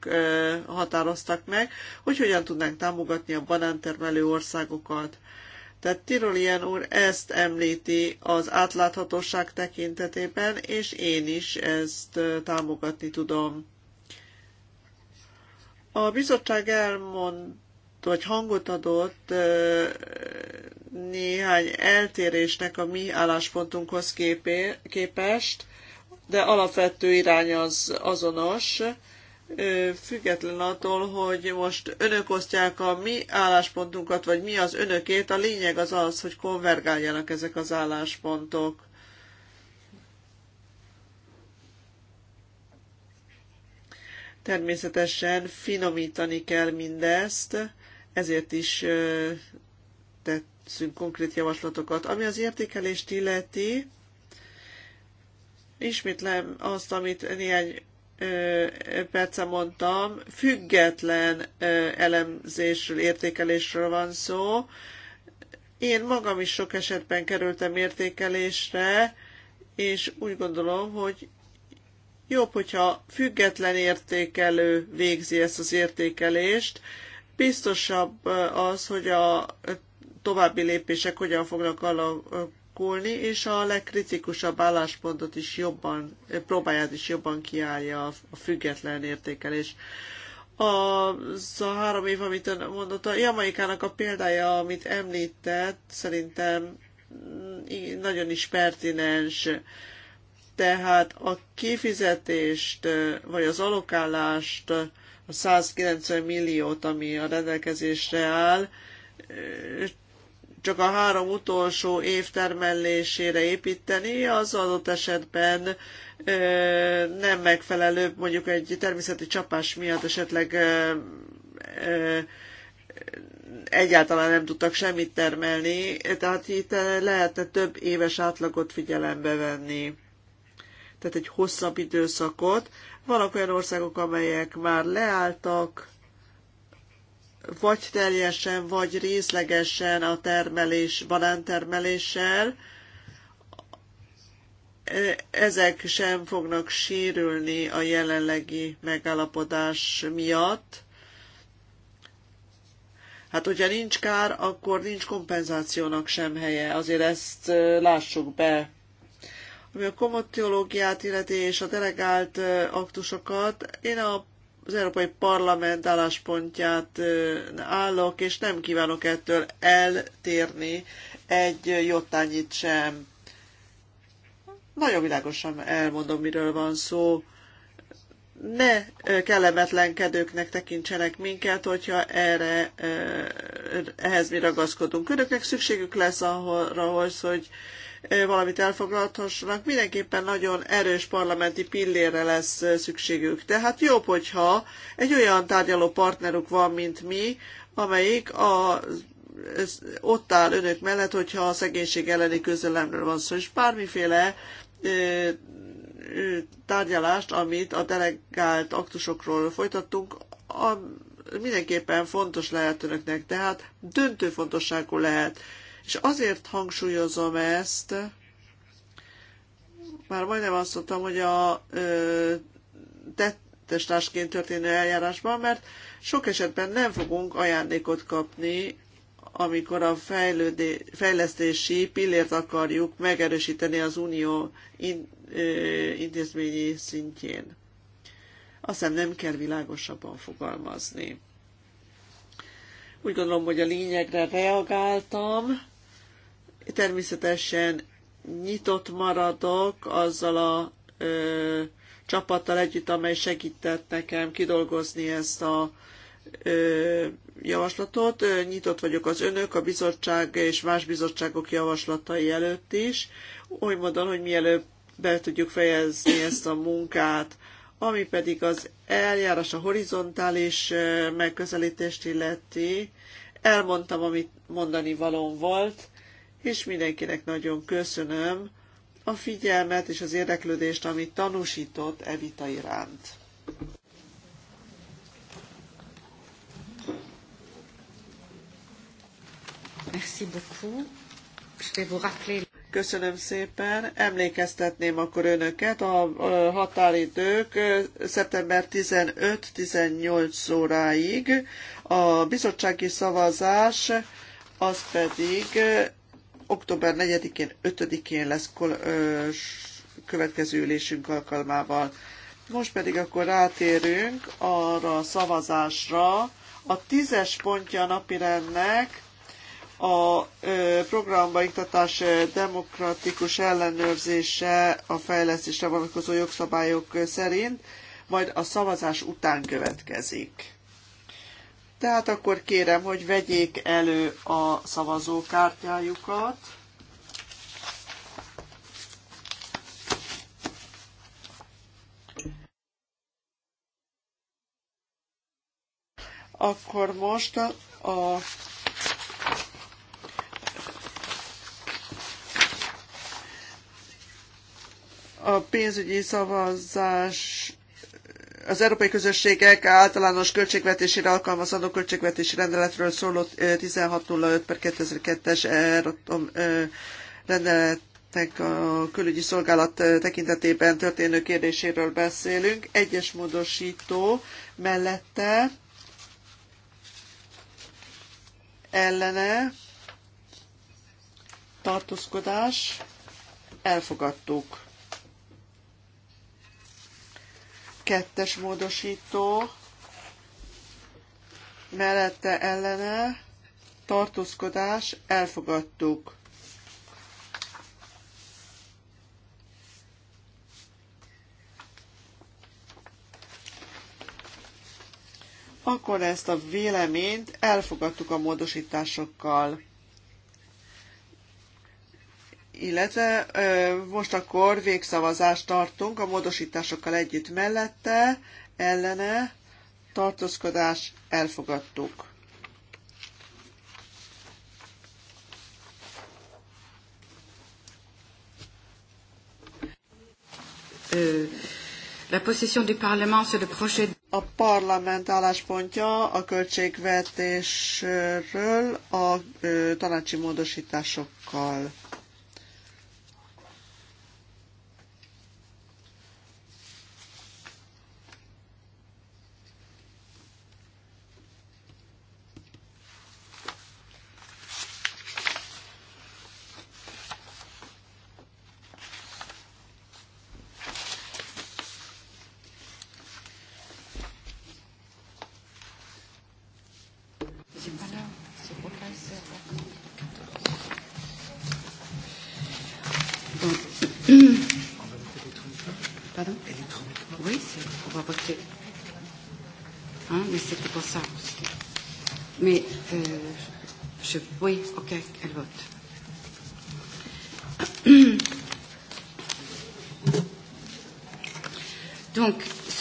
határoztak meg, hogy hogyan tudnánk támogatni a banántermelő országokat. Tehát Tirolien úr ezt említi az átláthatóság tekintetében, és én is ezt támogatni tudom. A bizottság elmond, vagy hangot adott néhány eltérésnek a mi álláspontunkhoz képest, de alapvető irány az azonos független attól, hogy most önök osztják a mi álláspontunkat, vagy mi az önökét, a lényeg az az, hogy konvergáljanak ezek az álláspontok. Természetesen finomítani kell mindezt, ezért is tetszünk konkrét javaslatokat. Ami az értékelést illeti, ismétlem azt, amit néhány perce mondtam, független elemzésről, értékelésről van szó. Én magam is sok esetben kerültem értékelésre, és úgy gondolom, hogy jobb, hogyha független értékelő végzi ezt az értékelést, biztosabb az, hogy a további lépések hogyan fognak alakulni alakulni, és a legkritikusabb álláspontot is jobban, próbáját is jobban kiállja a független értékelés az a három év, amit ön mondott, a Jamaikának a példája, amit említett, szerintem nagyon is pertinens. Tehát a kifizetést, vagy az alokálást, a 190 milliót, ami a rendelkezésre áll, csak a három utolsó év termelésére építeni, az adott esetben nem megfelelő, mondjuk egy természeti csapás miatt esetleg egyáltalán nem tudtak semmit termelni, tehát itt lehetne több éves átlagot figyelembe venni. Tehát egy hosszabb időszakot. Vannak olyan országok, amelyek már leálltak, vagy teljesen, vagy részlegesen a termelés, banántermeléssel, e, ezek sem fognak sérülni a jelenlegi megállapodás miatt. Hát, hogyha nincs kár, akkor nincs kompenzációnak sem helye. Azért ezt e, lássuk be. Ami a komotiológiát illeti és a delegált e, aktusokat, én a az Európai Parlament álláspontját állok, és nem kívánok ettől eltérni egy jottányit sem. Nagyon világosan elmondom, miről van szó. Ne kellemetlenkedőknek tekintsenek minket, hogyha erre, ehhez mi ragaszkodunk. Önöknek szükségük lesz arra, hogy valamit elfoglalhassanak, mindenképpen nagyon erős parlamenti pillére lesz szükségük. Tehát jobb, hogyha egy olyan tárgyaló partneruk van, mint mi, amelyik a ott áll önök mellett, hogyha a szegénység elleni közelemről van szó, és bármiféle tárgyalást, amit a delegált aktusokról folytattunk, a, mindenképpen fontos lehet önöknek, tehát döntő fontosságú lehet. És azért hangsúlyozom ezt, már majdnem azt mondtam, hogy a ö, történő eljárásban, mert sok esetben nem fogunk ajándékot kapni, amikor a fejlődé, fejlesztési pillért akarjuk megerősíteni az unió in, ö, intézményi szintjén. Azt hiszem nem kell világosabban fogalmazni. Úgy gondolom, hogy a lényegre reagáltam Természetesen nyitott maradok azzal a ö, csapattal együtt, amely segített nekem kidolgozni ezt a ö, javaslatot. Nyitott vagyok az önök, a bizottság és más bizottságok javaslatai előtt is, oly módon, hogy mielőbb be tudjuk fejezni ezt a munkát, ami pedig az eljárás a horizontális megközelítést illeti. Elmondtam, amit mondani valóm volt és mindenkinek nagyon köszönöm a figyelmet és az érdeklődést, amit tanúsított Evita iránt. Merci beaucoup. Je vais vous rappeler... Köszönöm szépen. Emlékeztetném akkor önöket, a határidők szeptember 15-18 óráig, a bizottsági szavazás az pedig október 4-én, 5-én lesz következő ülésünk alkalmával. Most pedig akkor rátérünk arra a szavazásra. A tízes pontja a napirendnek a programba iktatás demokratikus ellenőrzése a fejlesztésre vonatkozó jogszabályok szerint, majd a szavazás után következik. Tehát akkor kérem, hogy vegyék elő a szavazókártyájukat. Akkor most a a pénzügyi szavazás az európai közösségek általános költségvetésére alkalmazandó költségvetési rendeletről szóló 1605 per 2002-es rendeletnek a külügyi szolgálat tekintetében történő kérdéséről beszélünk. Egyes módosító mellette ellene tartózkodás elfogadtuk. Kettes módosító mellette ellene tartózkodás elfogadtuk. Akkor ezt a véleményt elfogadtuk a módosításokkal illetve most akkor végszavazást tartunk a módosításokkal együtt mellette, ellene, tartózkodás, elfogadtuk. La position du Parlement sur le projet a parlament álláspontja a költségvetésről a tanácsi módosításokkal.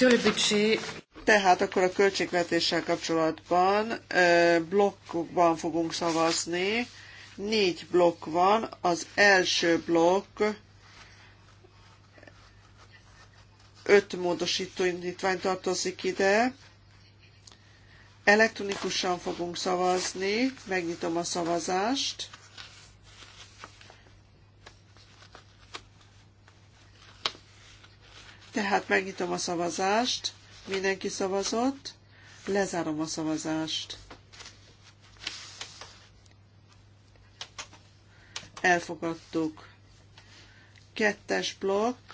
Sur le budget. Tehát akkor a költségvetéssel kapcsolatban blokkokban fogunk szavazni. Négy blokk van. Az első blokk öt módosító indítvány tartozik ide. Elektronikusan fogunk szavazni. Megnyitom a szavazást. Tehát megnyitom a szavazást. Mindenki szavazott. Lezárom a szavazást. Elfogadtuk. Kettes blokk.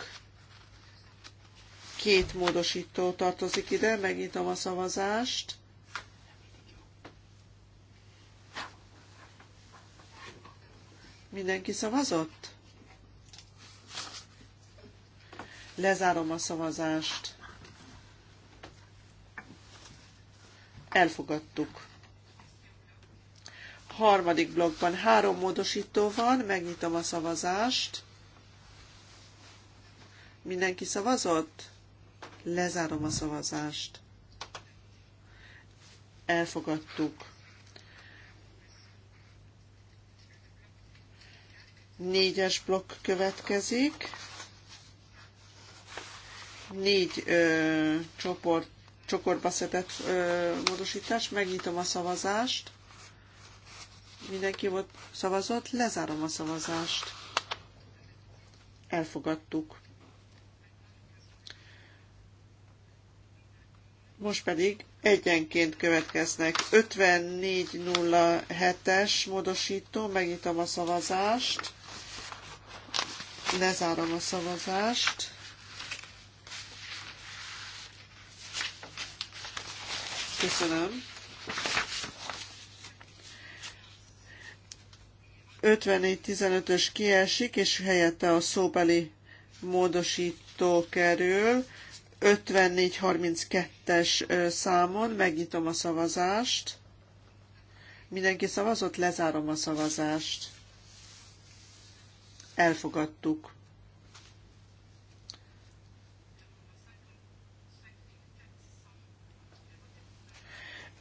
Két módosító tartozik ide. Megnyitom a szavazást. Mindenki szavazott? Lezárom a szavazást. Elfogadtuk. Harmadik blokkban három módosító van, megnyitom a szavazást. Mindenki szavazott? Lezárom a szavazást. Elfogadtuk. Négyes blokk következik négy ö, csoport, csokorba szedett ö, módosítás. Megnyitom a szavazást. Mindenki volt szavazott, lezárom a szavazást. Elfogadtuk. Most pedig egyenként következnek 5407-es módosító, megnyitom a szavazást, lezárom a szavazást, Köszönöm. 54-15-ös kiesik, és helyette a szóbeli módosító kerül. 54-32-es számon megnyitom a szavazást. Mindenki szavazott, lezárom a szavazást. Elfogadtuk.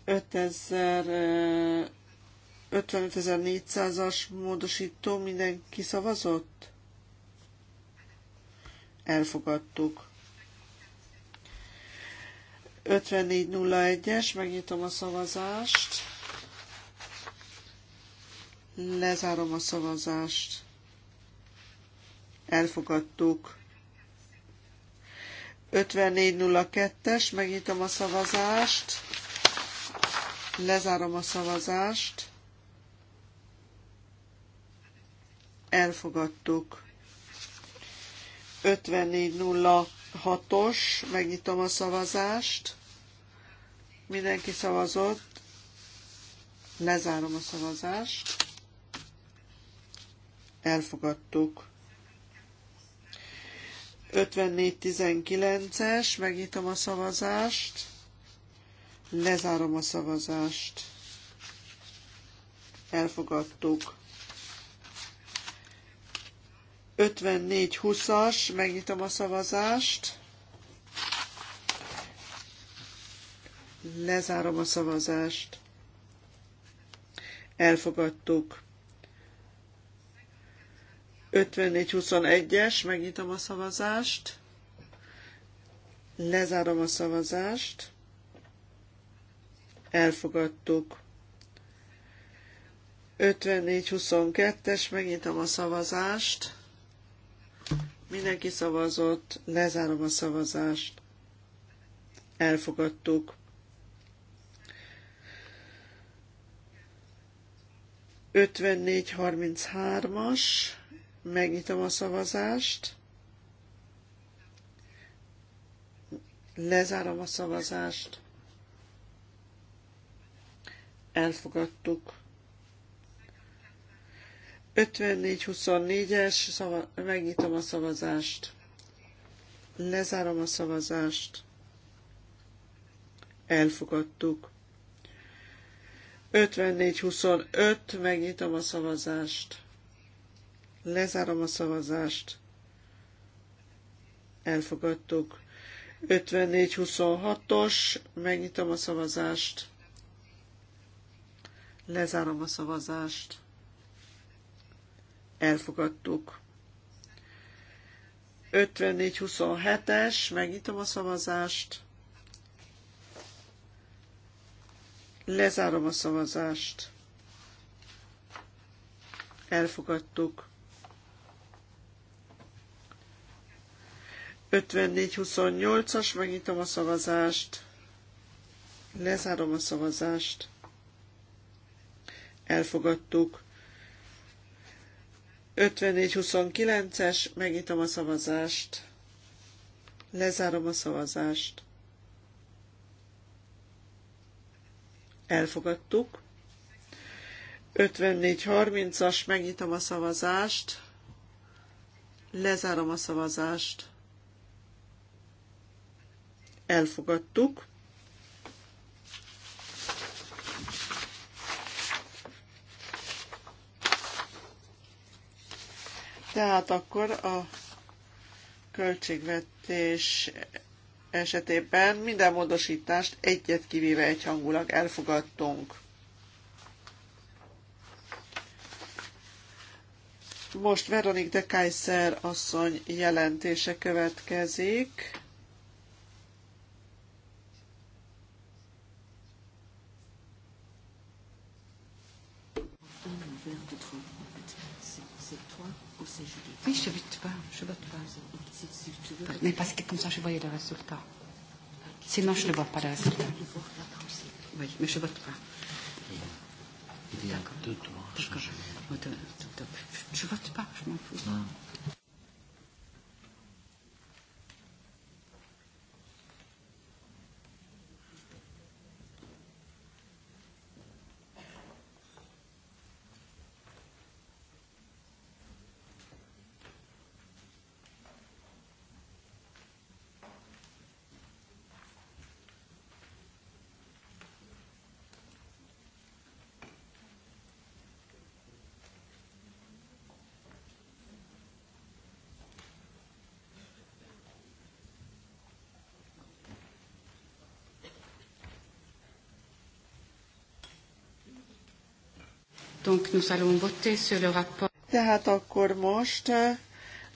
55.400-as módosító mindenki szavazott? Elfogadtuk. 54.01-es, megnyitom a szavazást. Lezárom a szavazást. Elfogadtuk. 54.02-es, megnyitom a szavazást Lezárom a szavazást. Elfogadtuk. 5406-os, megnyitom a szavazást. Mindenki szavazott. Lezárom a szavazást. Elfogadtuk. 5419-es, megnyitom a szavazást. Lezárom a szavazást. Elfogadtuk. 54-20-as, megnyitom a szavazást. Lezárom a szavazást. Elfogadtuk. 54-21-es, megnyitom a szavazást. Lezárom a szavazást elfogadtuk. 54-22-es, megnyitom a szavazást. Mindenki szavazott, lezárom a szavazást. Elfogadtuk. Ötvennégy harminc as megnyitom a szavazást. Lezárom a szavazást elfogadtuk. 54-24-es, szava- megnyitom a szavazást. Lezárom a szavazást. Elfogadtuk. 54-25, megnyitom a szavazást. Lezárom a szavazást. Elfogadtuk. 54-26-os, megnyitom a szavazást. Lezárom a szavazást. Elfogadtuk. 54-27-es, megnyitom a szavazást. Lezárom a szavazást. Elfogadtuk. 54-28-as, megnyitom a szavazást. Lezárom a szavazást elfogadtuk. 54-29-es, megnyitom a szavazást, lezárom a szavazást, elfogadtuk. 54-30-as, megnyitom a szavazást, lezárom a szavazást, elfogadtuk. Tehát akkor a költségvetés esetében minden módosítást egyet kivéve egyhangulag elfogadtunk. Most Veronik de Kaiser asszony jelentése következik. Oui, je te pas. Je te pas. Mais parce que comme ça, je voyais le résultat. Sinon, je ne vois pas le résultat. Oui, mais je vote pas. Il y a deux, doigts. changements. Je vote pas, je m'en fous. Non. Donc nous allons voter sur le rapport. Tehát akkor most eh,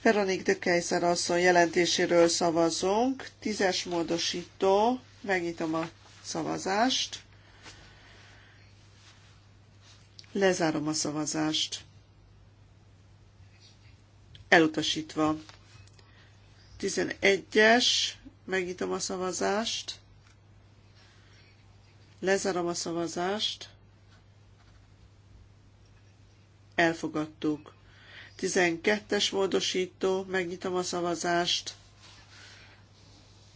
Veronik de Kejzer asszony jelentéséről szavazunk. Tízes módosító. Megnyitom a szavazást. Lezárom a szavazást. Elutasítva. 11-es. Megnyitom a szavazást. Lezárom a szavazást elfogadtuk. 12-es módosító, megnyitom a szavazást,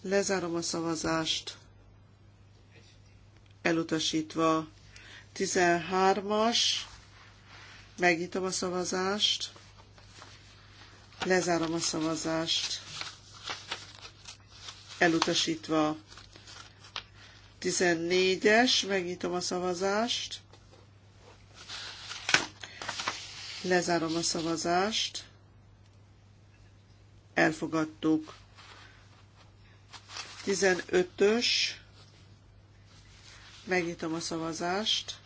lezárom a szavazást, elutasítva. 13-as, megnyitom a szavazást, lezárom a szavazást, elutasítva. 14-es, megnyitom a szavazást, Lezárom a szavazást. Elfogadtuk. 15-ös. Megnyitom a szavazást.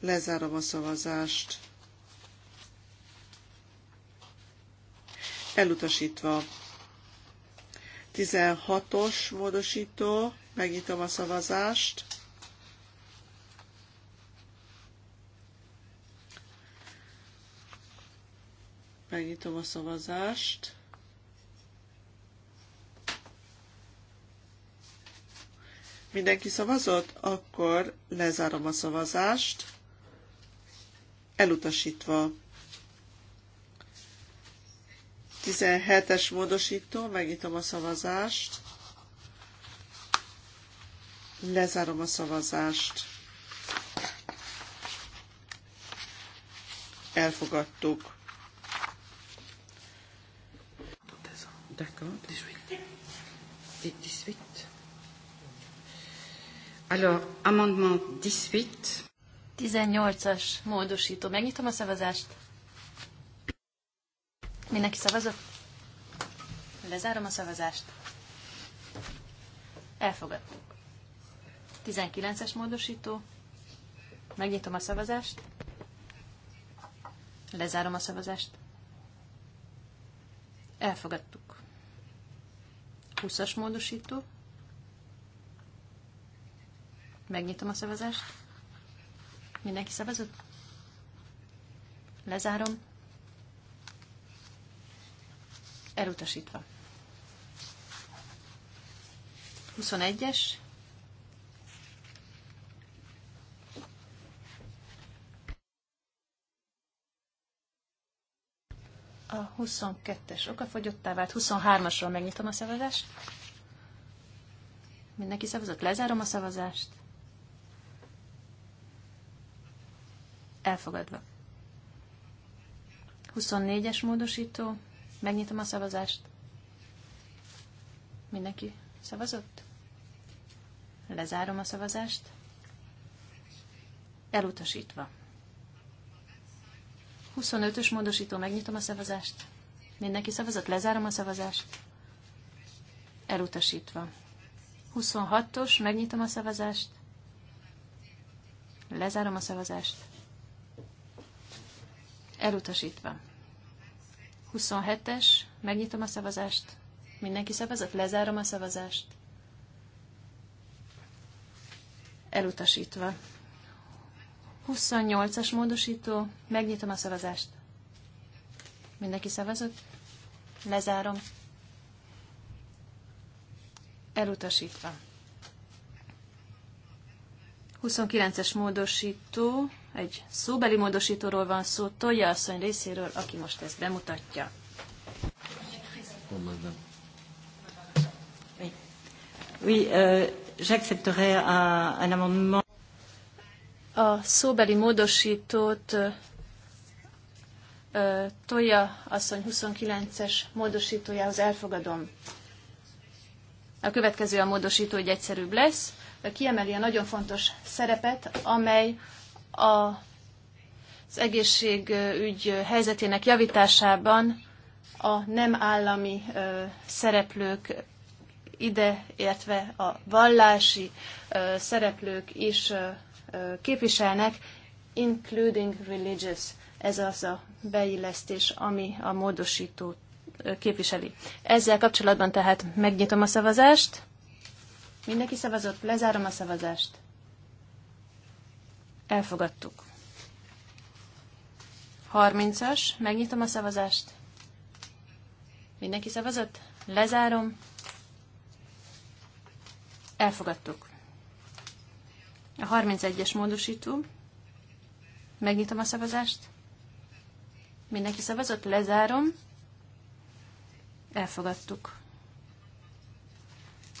Lezárom a szavazást. Elutasítva. 16-os módosító. Megnyitom a szavazást. Megnyitom a szavazást. Mindenki szavazott? Akkor lezárom a szavazást. Elutasítva. 17-es módosító, megnyitom a szavazást. Lezárom a szavazást. Elfogadtuk. D'accord. 18. 18. Alors, amendement 18. 18-as módosító. Megnyitom a szavazást. Mindenki szavazott? Lezárom a szavazást. Elfogadtuk. 19-es módosító. Megnyitom a szavazást. Lezárom a szavazást. Elfogadtuk. 20-as módosító. Megnyitom a szavazást. Mindenki szavazott? Lezárom. Elutasítva. 21-es. a 22-es okafogyottá vált, 23-asról megnyitom a szavazást. Mindenki szavazott, lezárom a szavazást. Elfogadva. 24-es módosító, megnyitom a szavazást. Mindenki szavazott? Lezárom a szavazást. Elutasítva. 25-ös módosító, megnyitom a szavazást. Mindenki szavazott, lezárom a szavazást. Elutasítva. 26-os, megnyitom a szavazást. Lezárom a szavazást. Elutasítva. 27-es, megnyitom a szavazást. Mindenki szavazott, lezárom a szavazást. Elutasítva. 28-as módosító, megnyitom a szavazást. Mindenki szavazott? Lezárom. Elutasítva. 29-es módosító, egy szóbeli módosítóról van szó, Tolja asszony részéről, aki most ezt bemutatja. Oh, oui, euh, j'accepterai un, un amendement. A szóbeli módosítót Tolja asszony 29-es módosítójához elfogadom. A következő a módosító, hogy egyszerűbb lesz. Kiemeli a nagyon fontos szerepet, amely a, az egészségügy helyzetének javításában a nem állami szereplők ide értve a vallási szereplők is képviselnek, including religious. Ez az a beillesztés, ami a módosító képviseli. Ezzel kapcsolatban tehát megnyitom a szavazást. Mindenki szavazott, lezárom a szavazást. Elfogadtuk. 30-as, megnyitom a szavazást. Mindenki szavazott? Lezárom. Elfogadtuk. A 31-es módosító. Megnyitom a szavazást. Mindenki szavazott, lezárom. Elfogadtuk.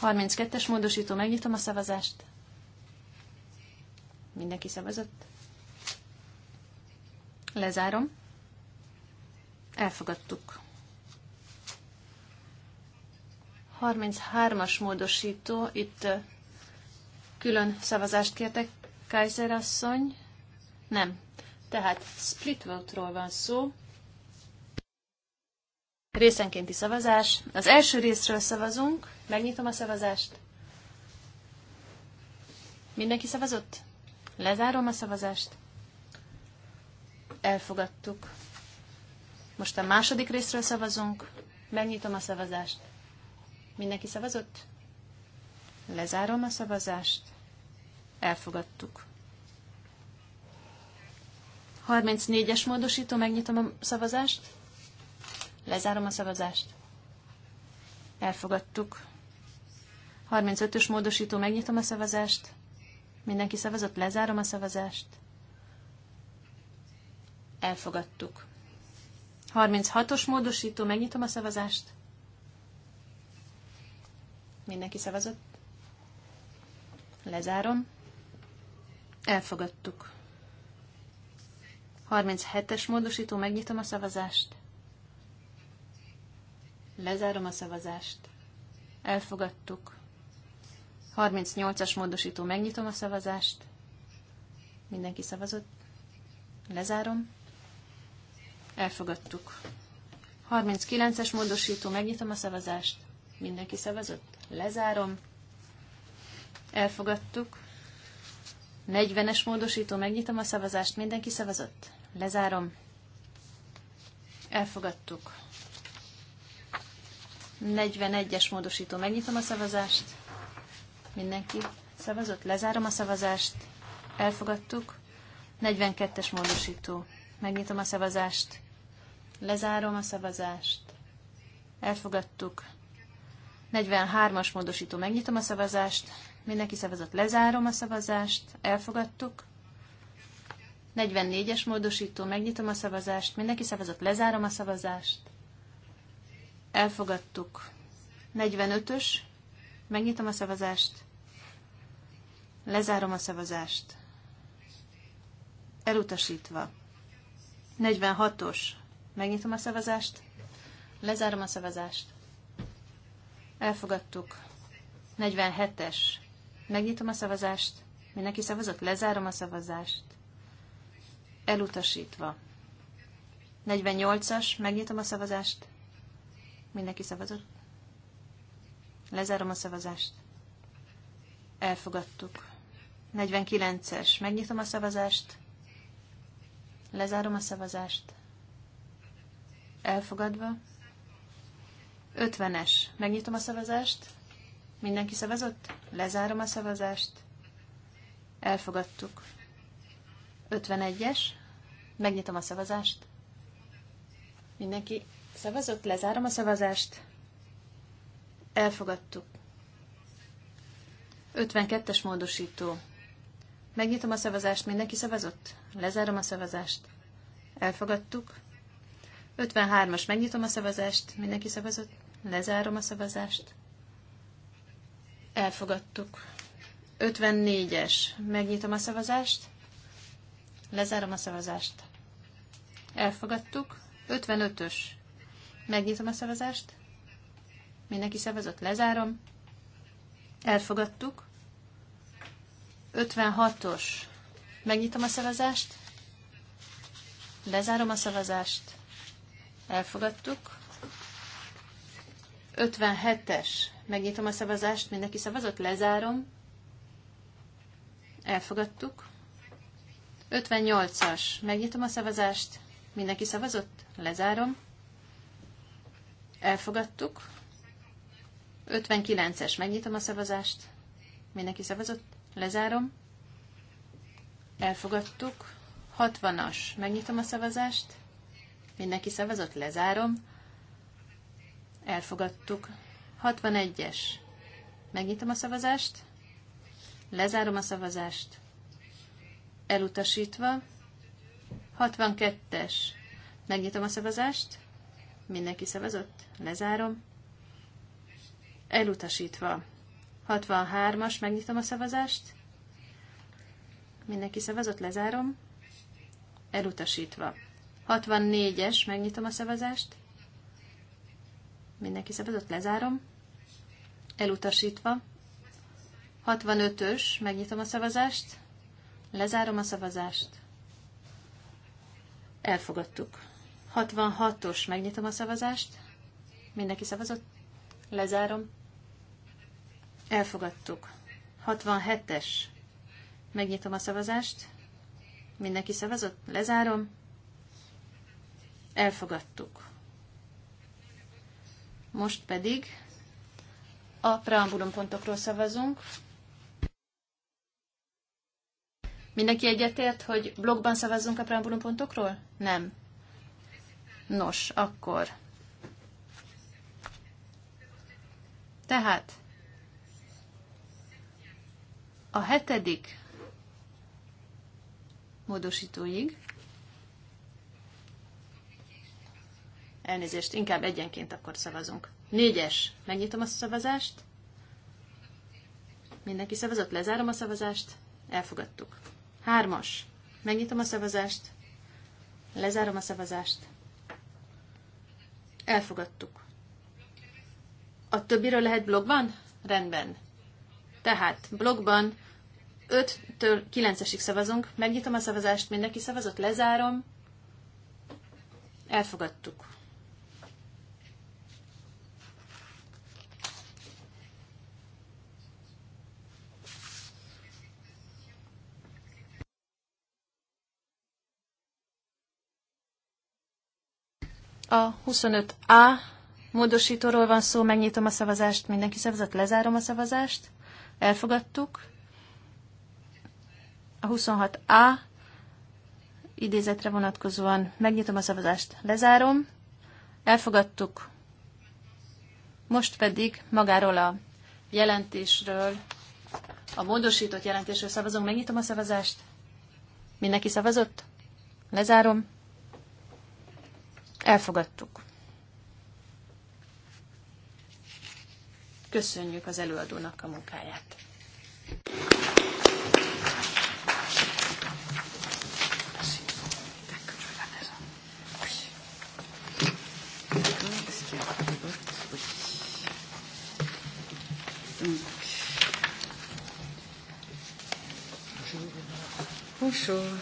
32-es módosító, megnyitom a szavazást. Mindenki szavazott. Lezárom. Elfogadtuk. 33-as módosító, itt Külön szavazást kértek, Kaiser asszony? Nem. Tehát split vote-ról van szó. Részenkénti szavazás. Az első részről szavazunk. Megnyitom a szavazást. Mindenki szavazott? Lezárom a szavazást. Elfogadtuk. Most a második részről szavazunk. Megnyitom a szavazást. Mindenki szavazott? Lezárom a szavazást elfogadtuk. 34-es módosító, megnyitom a szavazást, lezárom a szavazást, elfogadtuk. 35-ös módosító, megnyitom a szavazást, mindenki szavazott, lezárom a szavazást, elfogadtuk. 36-os módosító, megnyitom a szavazást, mindenki szavazott, lezárom, Elfogadtuk. 37-es módosító, megnyitom a szavazást. Lezárom a szavazást. Elfogadtuk. 38-as módosító, megnyitom a szavazást. Mindenki szavazott. Lezárom. Elfogadtuk. 39-es módosító, megnyitom a szavazást. Mindenki szavazott. Lezárom. Elfogadtuk. 40-es módosító, megnyitom a szavazást, mindenki szavazott. Lezárom. Elfogadtuk. 41-es módosító, megnyitom a szavazást. Mindenki szavazott, lezárom a szavazást. Elfogadtuk. 42-es módosító, megnyitom a szavazást. Lezárom a szavazást. Elfogadtuk. 43-as módosító, megnyitom a szavazást. Mindenki szavazott, lezárom a szavazást, elfogadtuk. 44-es módosító, megnyitom a szavazást, mindenki szavazott, lezárom a szavazást, elfogadtuk. 45-ös, megnyitom a szavazást, lezárom a szavazást, elutasítva. 46-os, megnyitom a szavazást, lezárom a szavazást, elfogadtuk. 47-es, Megnyitom a szavazást. Mindenki szavazott? Lezárom a szavazást. Elutasítva. 48-as, megnyitom a szavazást. Mindenki szavazott? Lezárom a szavazást. Elfogadtuk. 49-es, megnyitom a szavazást. Lezárom a szavazást. Elfogadva. 50-es, megnyitom a szavazást. Mindenki szavazott? Lezárom a szavazást. Elfogadtuk. 51-es. Megnyitom a szavazást. Mindenki szavazott, lezárom a szavazást. Elfogadtuk. 52-es módosító. Megnyitom a szavazást, mindenki szavazott? Lezárom a szavazást. Elfogadtuk. 53-as, megnyitom a szavazást, mindenki szavazott? Lezárom a szavazást. Elfogadtuk. 54-es. Megnyitom a szavazást. Lezárom a szavazást. Elfogadtuk. 55-ös. Megnyitom a szavazást. Mindenki szavazott. Lezárom. Elfogadtuk. 56-os. Megnyitom a szavazást. Lezárom a szavazást. Elfogadtuk. 57-es megnyitom a szavazást, mindenki szavazott, lezárom. Elfogadtuk. 58-as, megnyitom a szavazást, mindenki szavazott, lezárom. Elfogadtuk. 59-es, megnyitom a szavazást, mindenki szavazott, lezárom. Elfogadtuk. 60-as, megnyitom a szavazást, mindenki szavazott, lezárom. Elfogadtuk. 61-es. Megnyitom a szavazást. Lezárom a szavazást. Elutasítva. 62-es. Megnyitom a szavazást. Mindenki szavazott? Lezárom. Elutasítva. 63-as, megnyitom a szavazást. Mindenki szavazott, lezárom. Elutasítva. 64-es, megnyitom a szavazást. Mindenki szabadott, lezárom. Elutasítva. 65-ös, megnyitom a szavazást. Lezárom a szavazást. Elfogadtuk. 66-os, megnyitom a szavazást. Mindenki szavazott? Lezárom. Elfogadtuk. 67-es. Megnyitom a szavazást. Mindenki szavazott? Lezárom. Elfogadtuk. Most pedig a preambulum pontokról szavazunk. Mindenki egyetért, hogy blogban szavazzunk a preambulum pontokról? Nem. Nos, akkor. Tehát a hetedik módosítóig Elnézést, inkább egyenként akkor szavazunk. Négyes. Megnyitom a szavazást. Mindenki szavazott, lezárom a szavazást. Elfogadtuk. Hármas. Megnyitom a szavazást. Lezárom a szavazást. Elfogadtuk. A többiről lehet blogban? Rendben. Tehát blogban 5-től 9-esig szavazunk. Megnyitom a szavazást, mindenki szavazott, lezárom. Elfogadtuk. A 25A módosítóról van szó, megnyitom a szavazást, mindenki szavazat, lezárom a szavazást, elfogadtuk. A 26A idézetre vonatkozóan megnyitom a szavazást, lezárom, elfogadtuk. Most pedig magáról a jelentésről, a módosított jelentésről szavazunk, megnyitom a szavazást. Mindenki szavazott? Lezárom. Elfogadtuk. Köszönjük az előadónak a munkáját. Bonjour.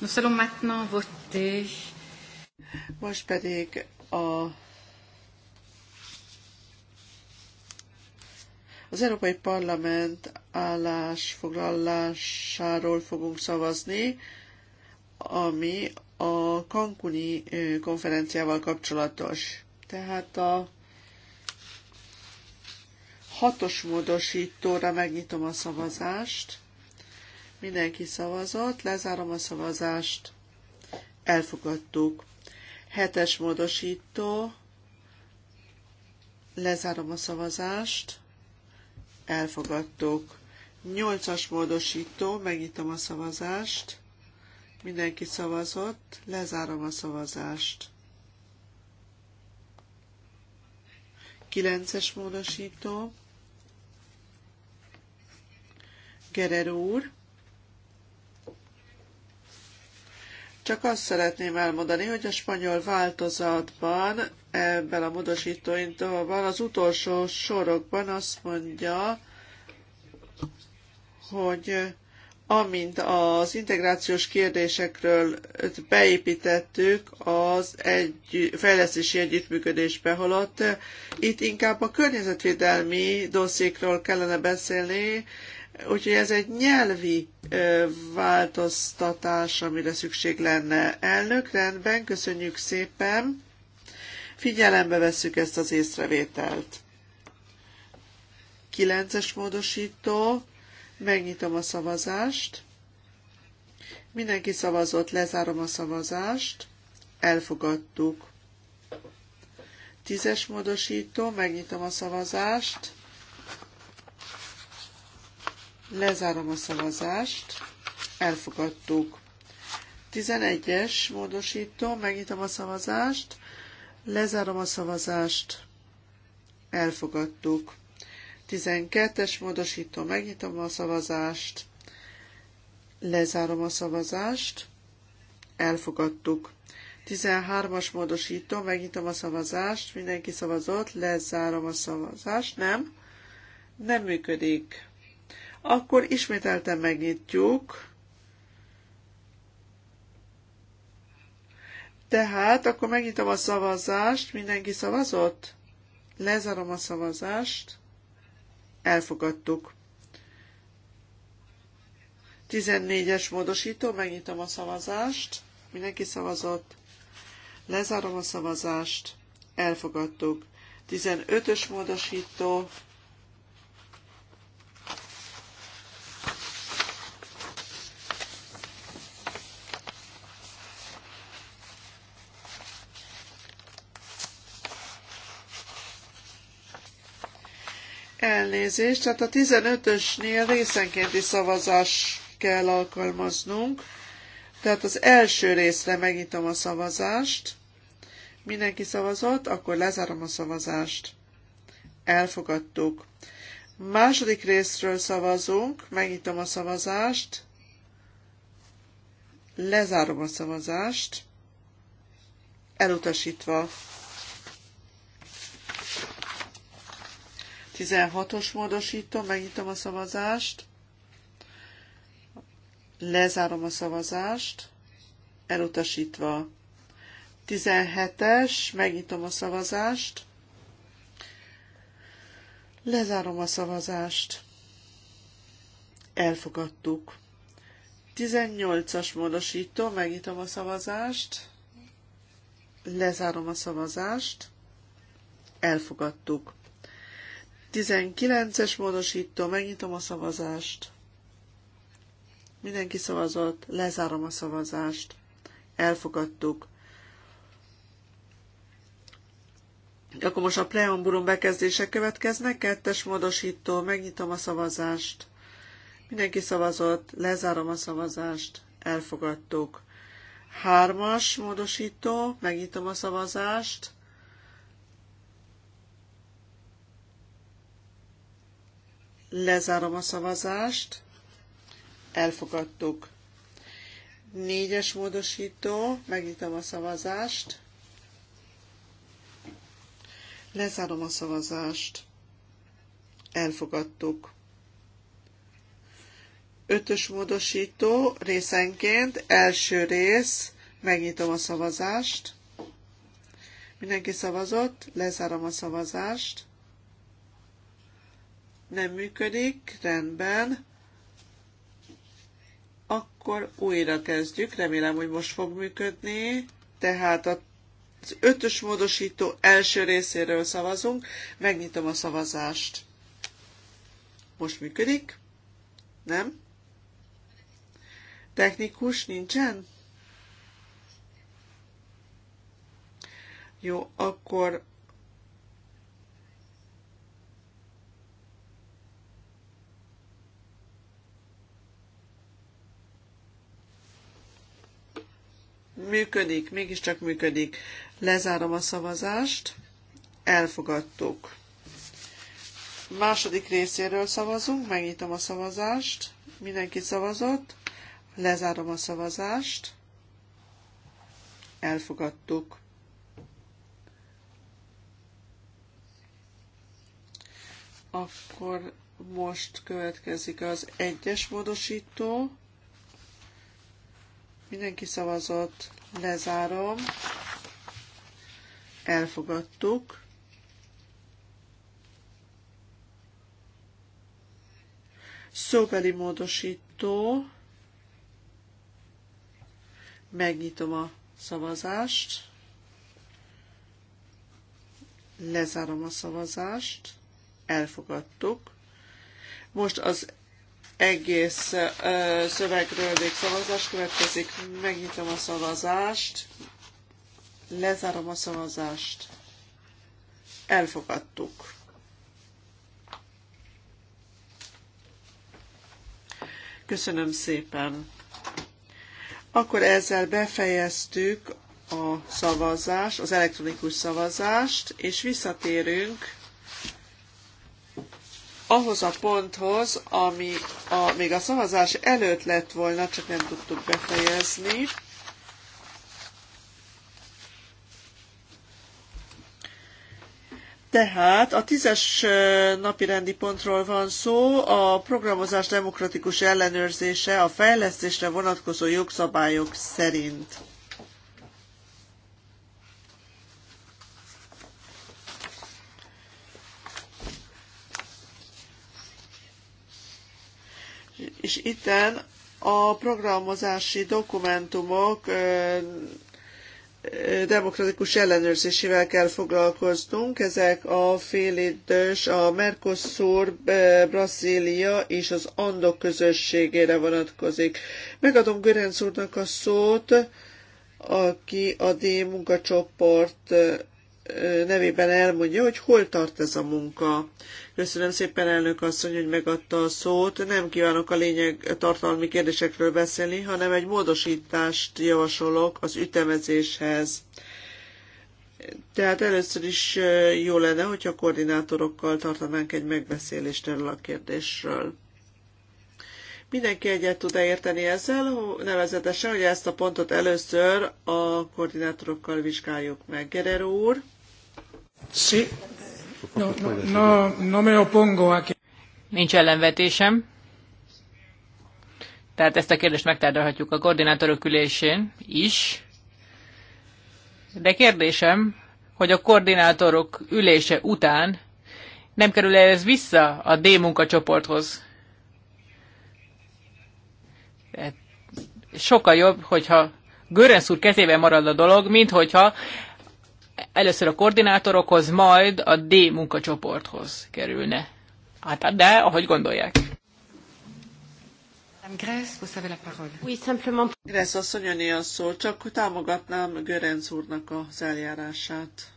Nous allons maintenant voter most pedig a Az Európai Parlament állásfoglalásáról fogunk szavazni, ami a Cancuni konferenciával kapcsolatos. Tehát a hatos módosítóra megnyitom a szavazást. Mindenki szavazott, lezárom a szavazást, elfogadtuk. Hetes módosító. Lezárom a szavazást. Elfogadtuk. Nyolcas módosító. Megnyitom a szavazást. Mindenki szavazott. Lezárom a szavazást. Kilences módosító. Gerer úr. Csak azt szeretném elmondani, hogy a spanyol változatban, ebben a módosítóintóban az utolsó sorokban azt mondja, hogy amint az integrációs kérdésekről beépítettük az egy, fejlesztési együttműködésbe, holott itt inkább a környezetvédelmi dosszékról kellene beszélni, Úgyhogy ez egy nyelvi változtatás, amire szükség lenne. Elnök, rendben, köszönjük szépen. Figyelembe vesszük ezt az észrevételt. 9-es módosító. Megnyitom a szavazást. Mindenki szavazott, lezárom a szavazást. Elfogadtuk. Tízes módosító, megnyitom a szavazást. Lezárom a szavazást. Elfogadtuk. 11-es módosító, megnyitom a szavazást. Lezárom a szavazást. Elfogadtuk. 12-es módosító, megnyitom a szavazást. Lezárom a szavazást. Elfogadtuk. 13-as módosító, megnyitom a szavazást, mindenki szavazott, lezárom a szavazást, nem, nem működik. Akkor ismételten megnyitjuk. Tehát akkor megnyitom a szavazást. Mindenki szavazott? Lezárom a szavazást. Elfogadtuk. 14-es módosító, megnyitom a szavazást. Mindenki szavazott. Lezárom a szavazást. Elfogadtuk. 15-ös módosító, elnézést. Hát a 15-ösnél részenkénti szavazás kell alkalmaznunk. Tehát az első részre megnyitom a szavazást. Mindenki szavazott, akkor lezárom a szavazást. Elfogadtuk. Második részről szavazunk, megnyitom a szavazást, lezárom a szavazást, elutasítva. 16-os módosítom, megnyitom a szavazást, lezárom a szavazást, elutasítva. 17-es, megnyitom a szavazást, lezárom a szavazást, elfogadtuk. 18-as módosító, megnyitom a szavazást, lezárom a szavazást, elfogadtuk. 19-es módosító, megnyitom a szavazást. Mindenki szavazott, lezárom a szavazást. Elfogadtuk. Akkor most a preamburum bekezdése következnek. Kettes módosító, megnyitom a szavazást. Mindenki szavazott, lezárom a szavazást. Elfogadtuk. Hármas módosító, megnyitom a szavazást. Lezárom a szavazást. Elfogadtuk. Négyes módosító. Megnyitom a szavazást. Lezárom a szavazást. Elfogadtuk. Ötös módosító részenként első rész. Megnyitom a szavazást. Mindenki szavazott, lezárom a szavazást nem működik, rendben. Akkor újra kezdjük, remélem, hogy most fog működni. Tehát az ötös módosító első részéről szavazunk, megnyitom a szavazást. Most működik? Nem? Technikus nincsen? Jó, akkor Működik, mégiscsak működik. Lezárom a szavazást. Elfogadtuk. Második részéről szavazunk, megnyitom a szavazást. Mindenki szavazott. Lezárom a szavazást. Elfogadtuk. Akkor most következik az egyes módosító. Mindenki szavazott, lezárom. Elfogadtuk. Szóbeli módosító. Megnyitom a szavazást. Lezárom a szavazást. Elfogadtuk. Most az egész ö, szövegről még szavazás következik. Megnyitom a szavazást. Lezárom a szavazást. Elfogadtuk. Köszönöm szépen. Akkor ezzel befejeztük a szavazást, az elektronikus szavazást, és visszatérünk ahhoz a ponthoz, ami a, még a szavazás előtt lett volna, csak nem tudtuk befejezni. Tehát a tízes napi rendi pontról van szó, a programozás demokratikus ellenőrzése a fejlesztésre vonatkozó jogszabályok szerint. és itten a programozási dokumentumok demokratikus ellenőrzésével kell foglalkoznunk. Ezek a félidős, a Mercosur, Brazília és az Andok közösségére vonatkozik. Megadom Görenc úrnak a szót, aki a D munkacsoport nevében elmondja, hogy hol tart ez a munka. Köszönöm szépen, elnök asszony, hogy megadta a szót. Nem kívánok a lényeg tartalmi kérdésekről beszélni, hanem egy módosítást javasolok az ütemezéshez. Tehát először is jó lenne, hogyha a koordinátorokkal tartanánk egy megbeszélést erről a kérdésről. Mindenki egyet tud -e érteni ezzel, nevezetesen, hogy ezt a pontot először a koordinátorokkal vizsgáljuk meg. Gerero úr. Sí. No, no, no, no me opongo a que... Nincs ellenvetésem. Tehát ezt a kérdést megtárgyalhatjuk a koordinátorok ülésén is. De kérdésem, hogy a koordinátorok ülése után nem kerül -e ez vissza a D munkacsoporthoz? Hát, sokkal jobb, hogyha Görönsz úr kezében marad a dolog, mint hogyha először a koordinátorokhoz, majd a D munkacsoporthoz kerülne. Hát, hát de ahogy gondolják. Gressz, Oui, simplement. Gressz asszony, a szó, csak támogatnám Görenc úrnak az eljárását.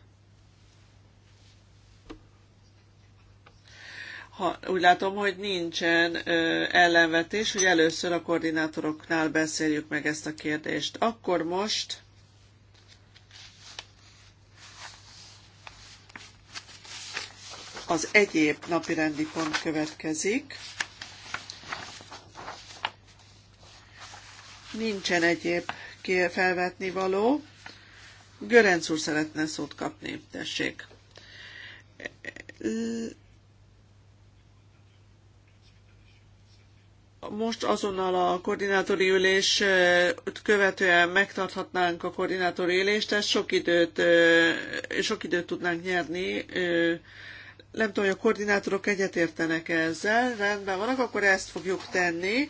ha, úgy látom, hogy nincsen ö, ellenvetés, hogy először a koordinátoroknál beszéljük meg ezt a kérdést. Akkor most Az egyéb napirendi pont következik. Nincsen egyéb felvetni való. Görenc úr szeretne szót kapni, tessék. Most azonnal a koordinátori ülés követően megtarthatnánk a koordinátori ülést, tehát sok időt, sok időt tudnánk nyerni nem tudom, hogy a koordinátorok egyetértenek ezzel, rendben vannak, akkor ezt fogjuk tenni.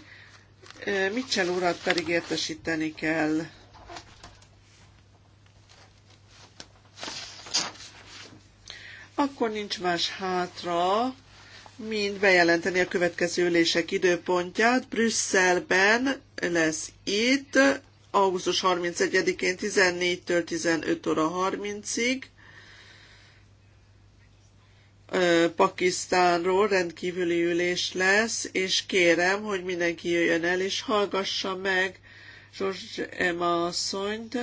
Mitchell urat pedig értesíteni kell. Akkor nincs más hátra, mint bejelenteni a következő ülések időpontját. Brüsszelben lesz itt, augusztus 31-én 14-től 15 óra 30-ig, Pakisztánról rendkívüli ülés lesz, és kérem, hogy mindenki jöjjön el, és hallgassa meg George Emma asszonyt,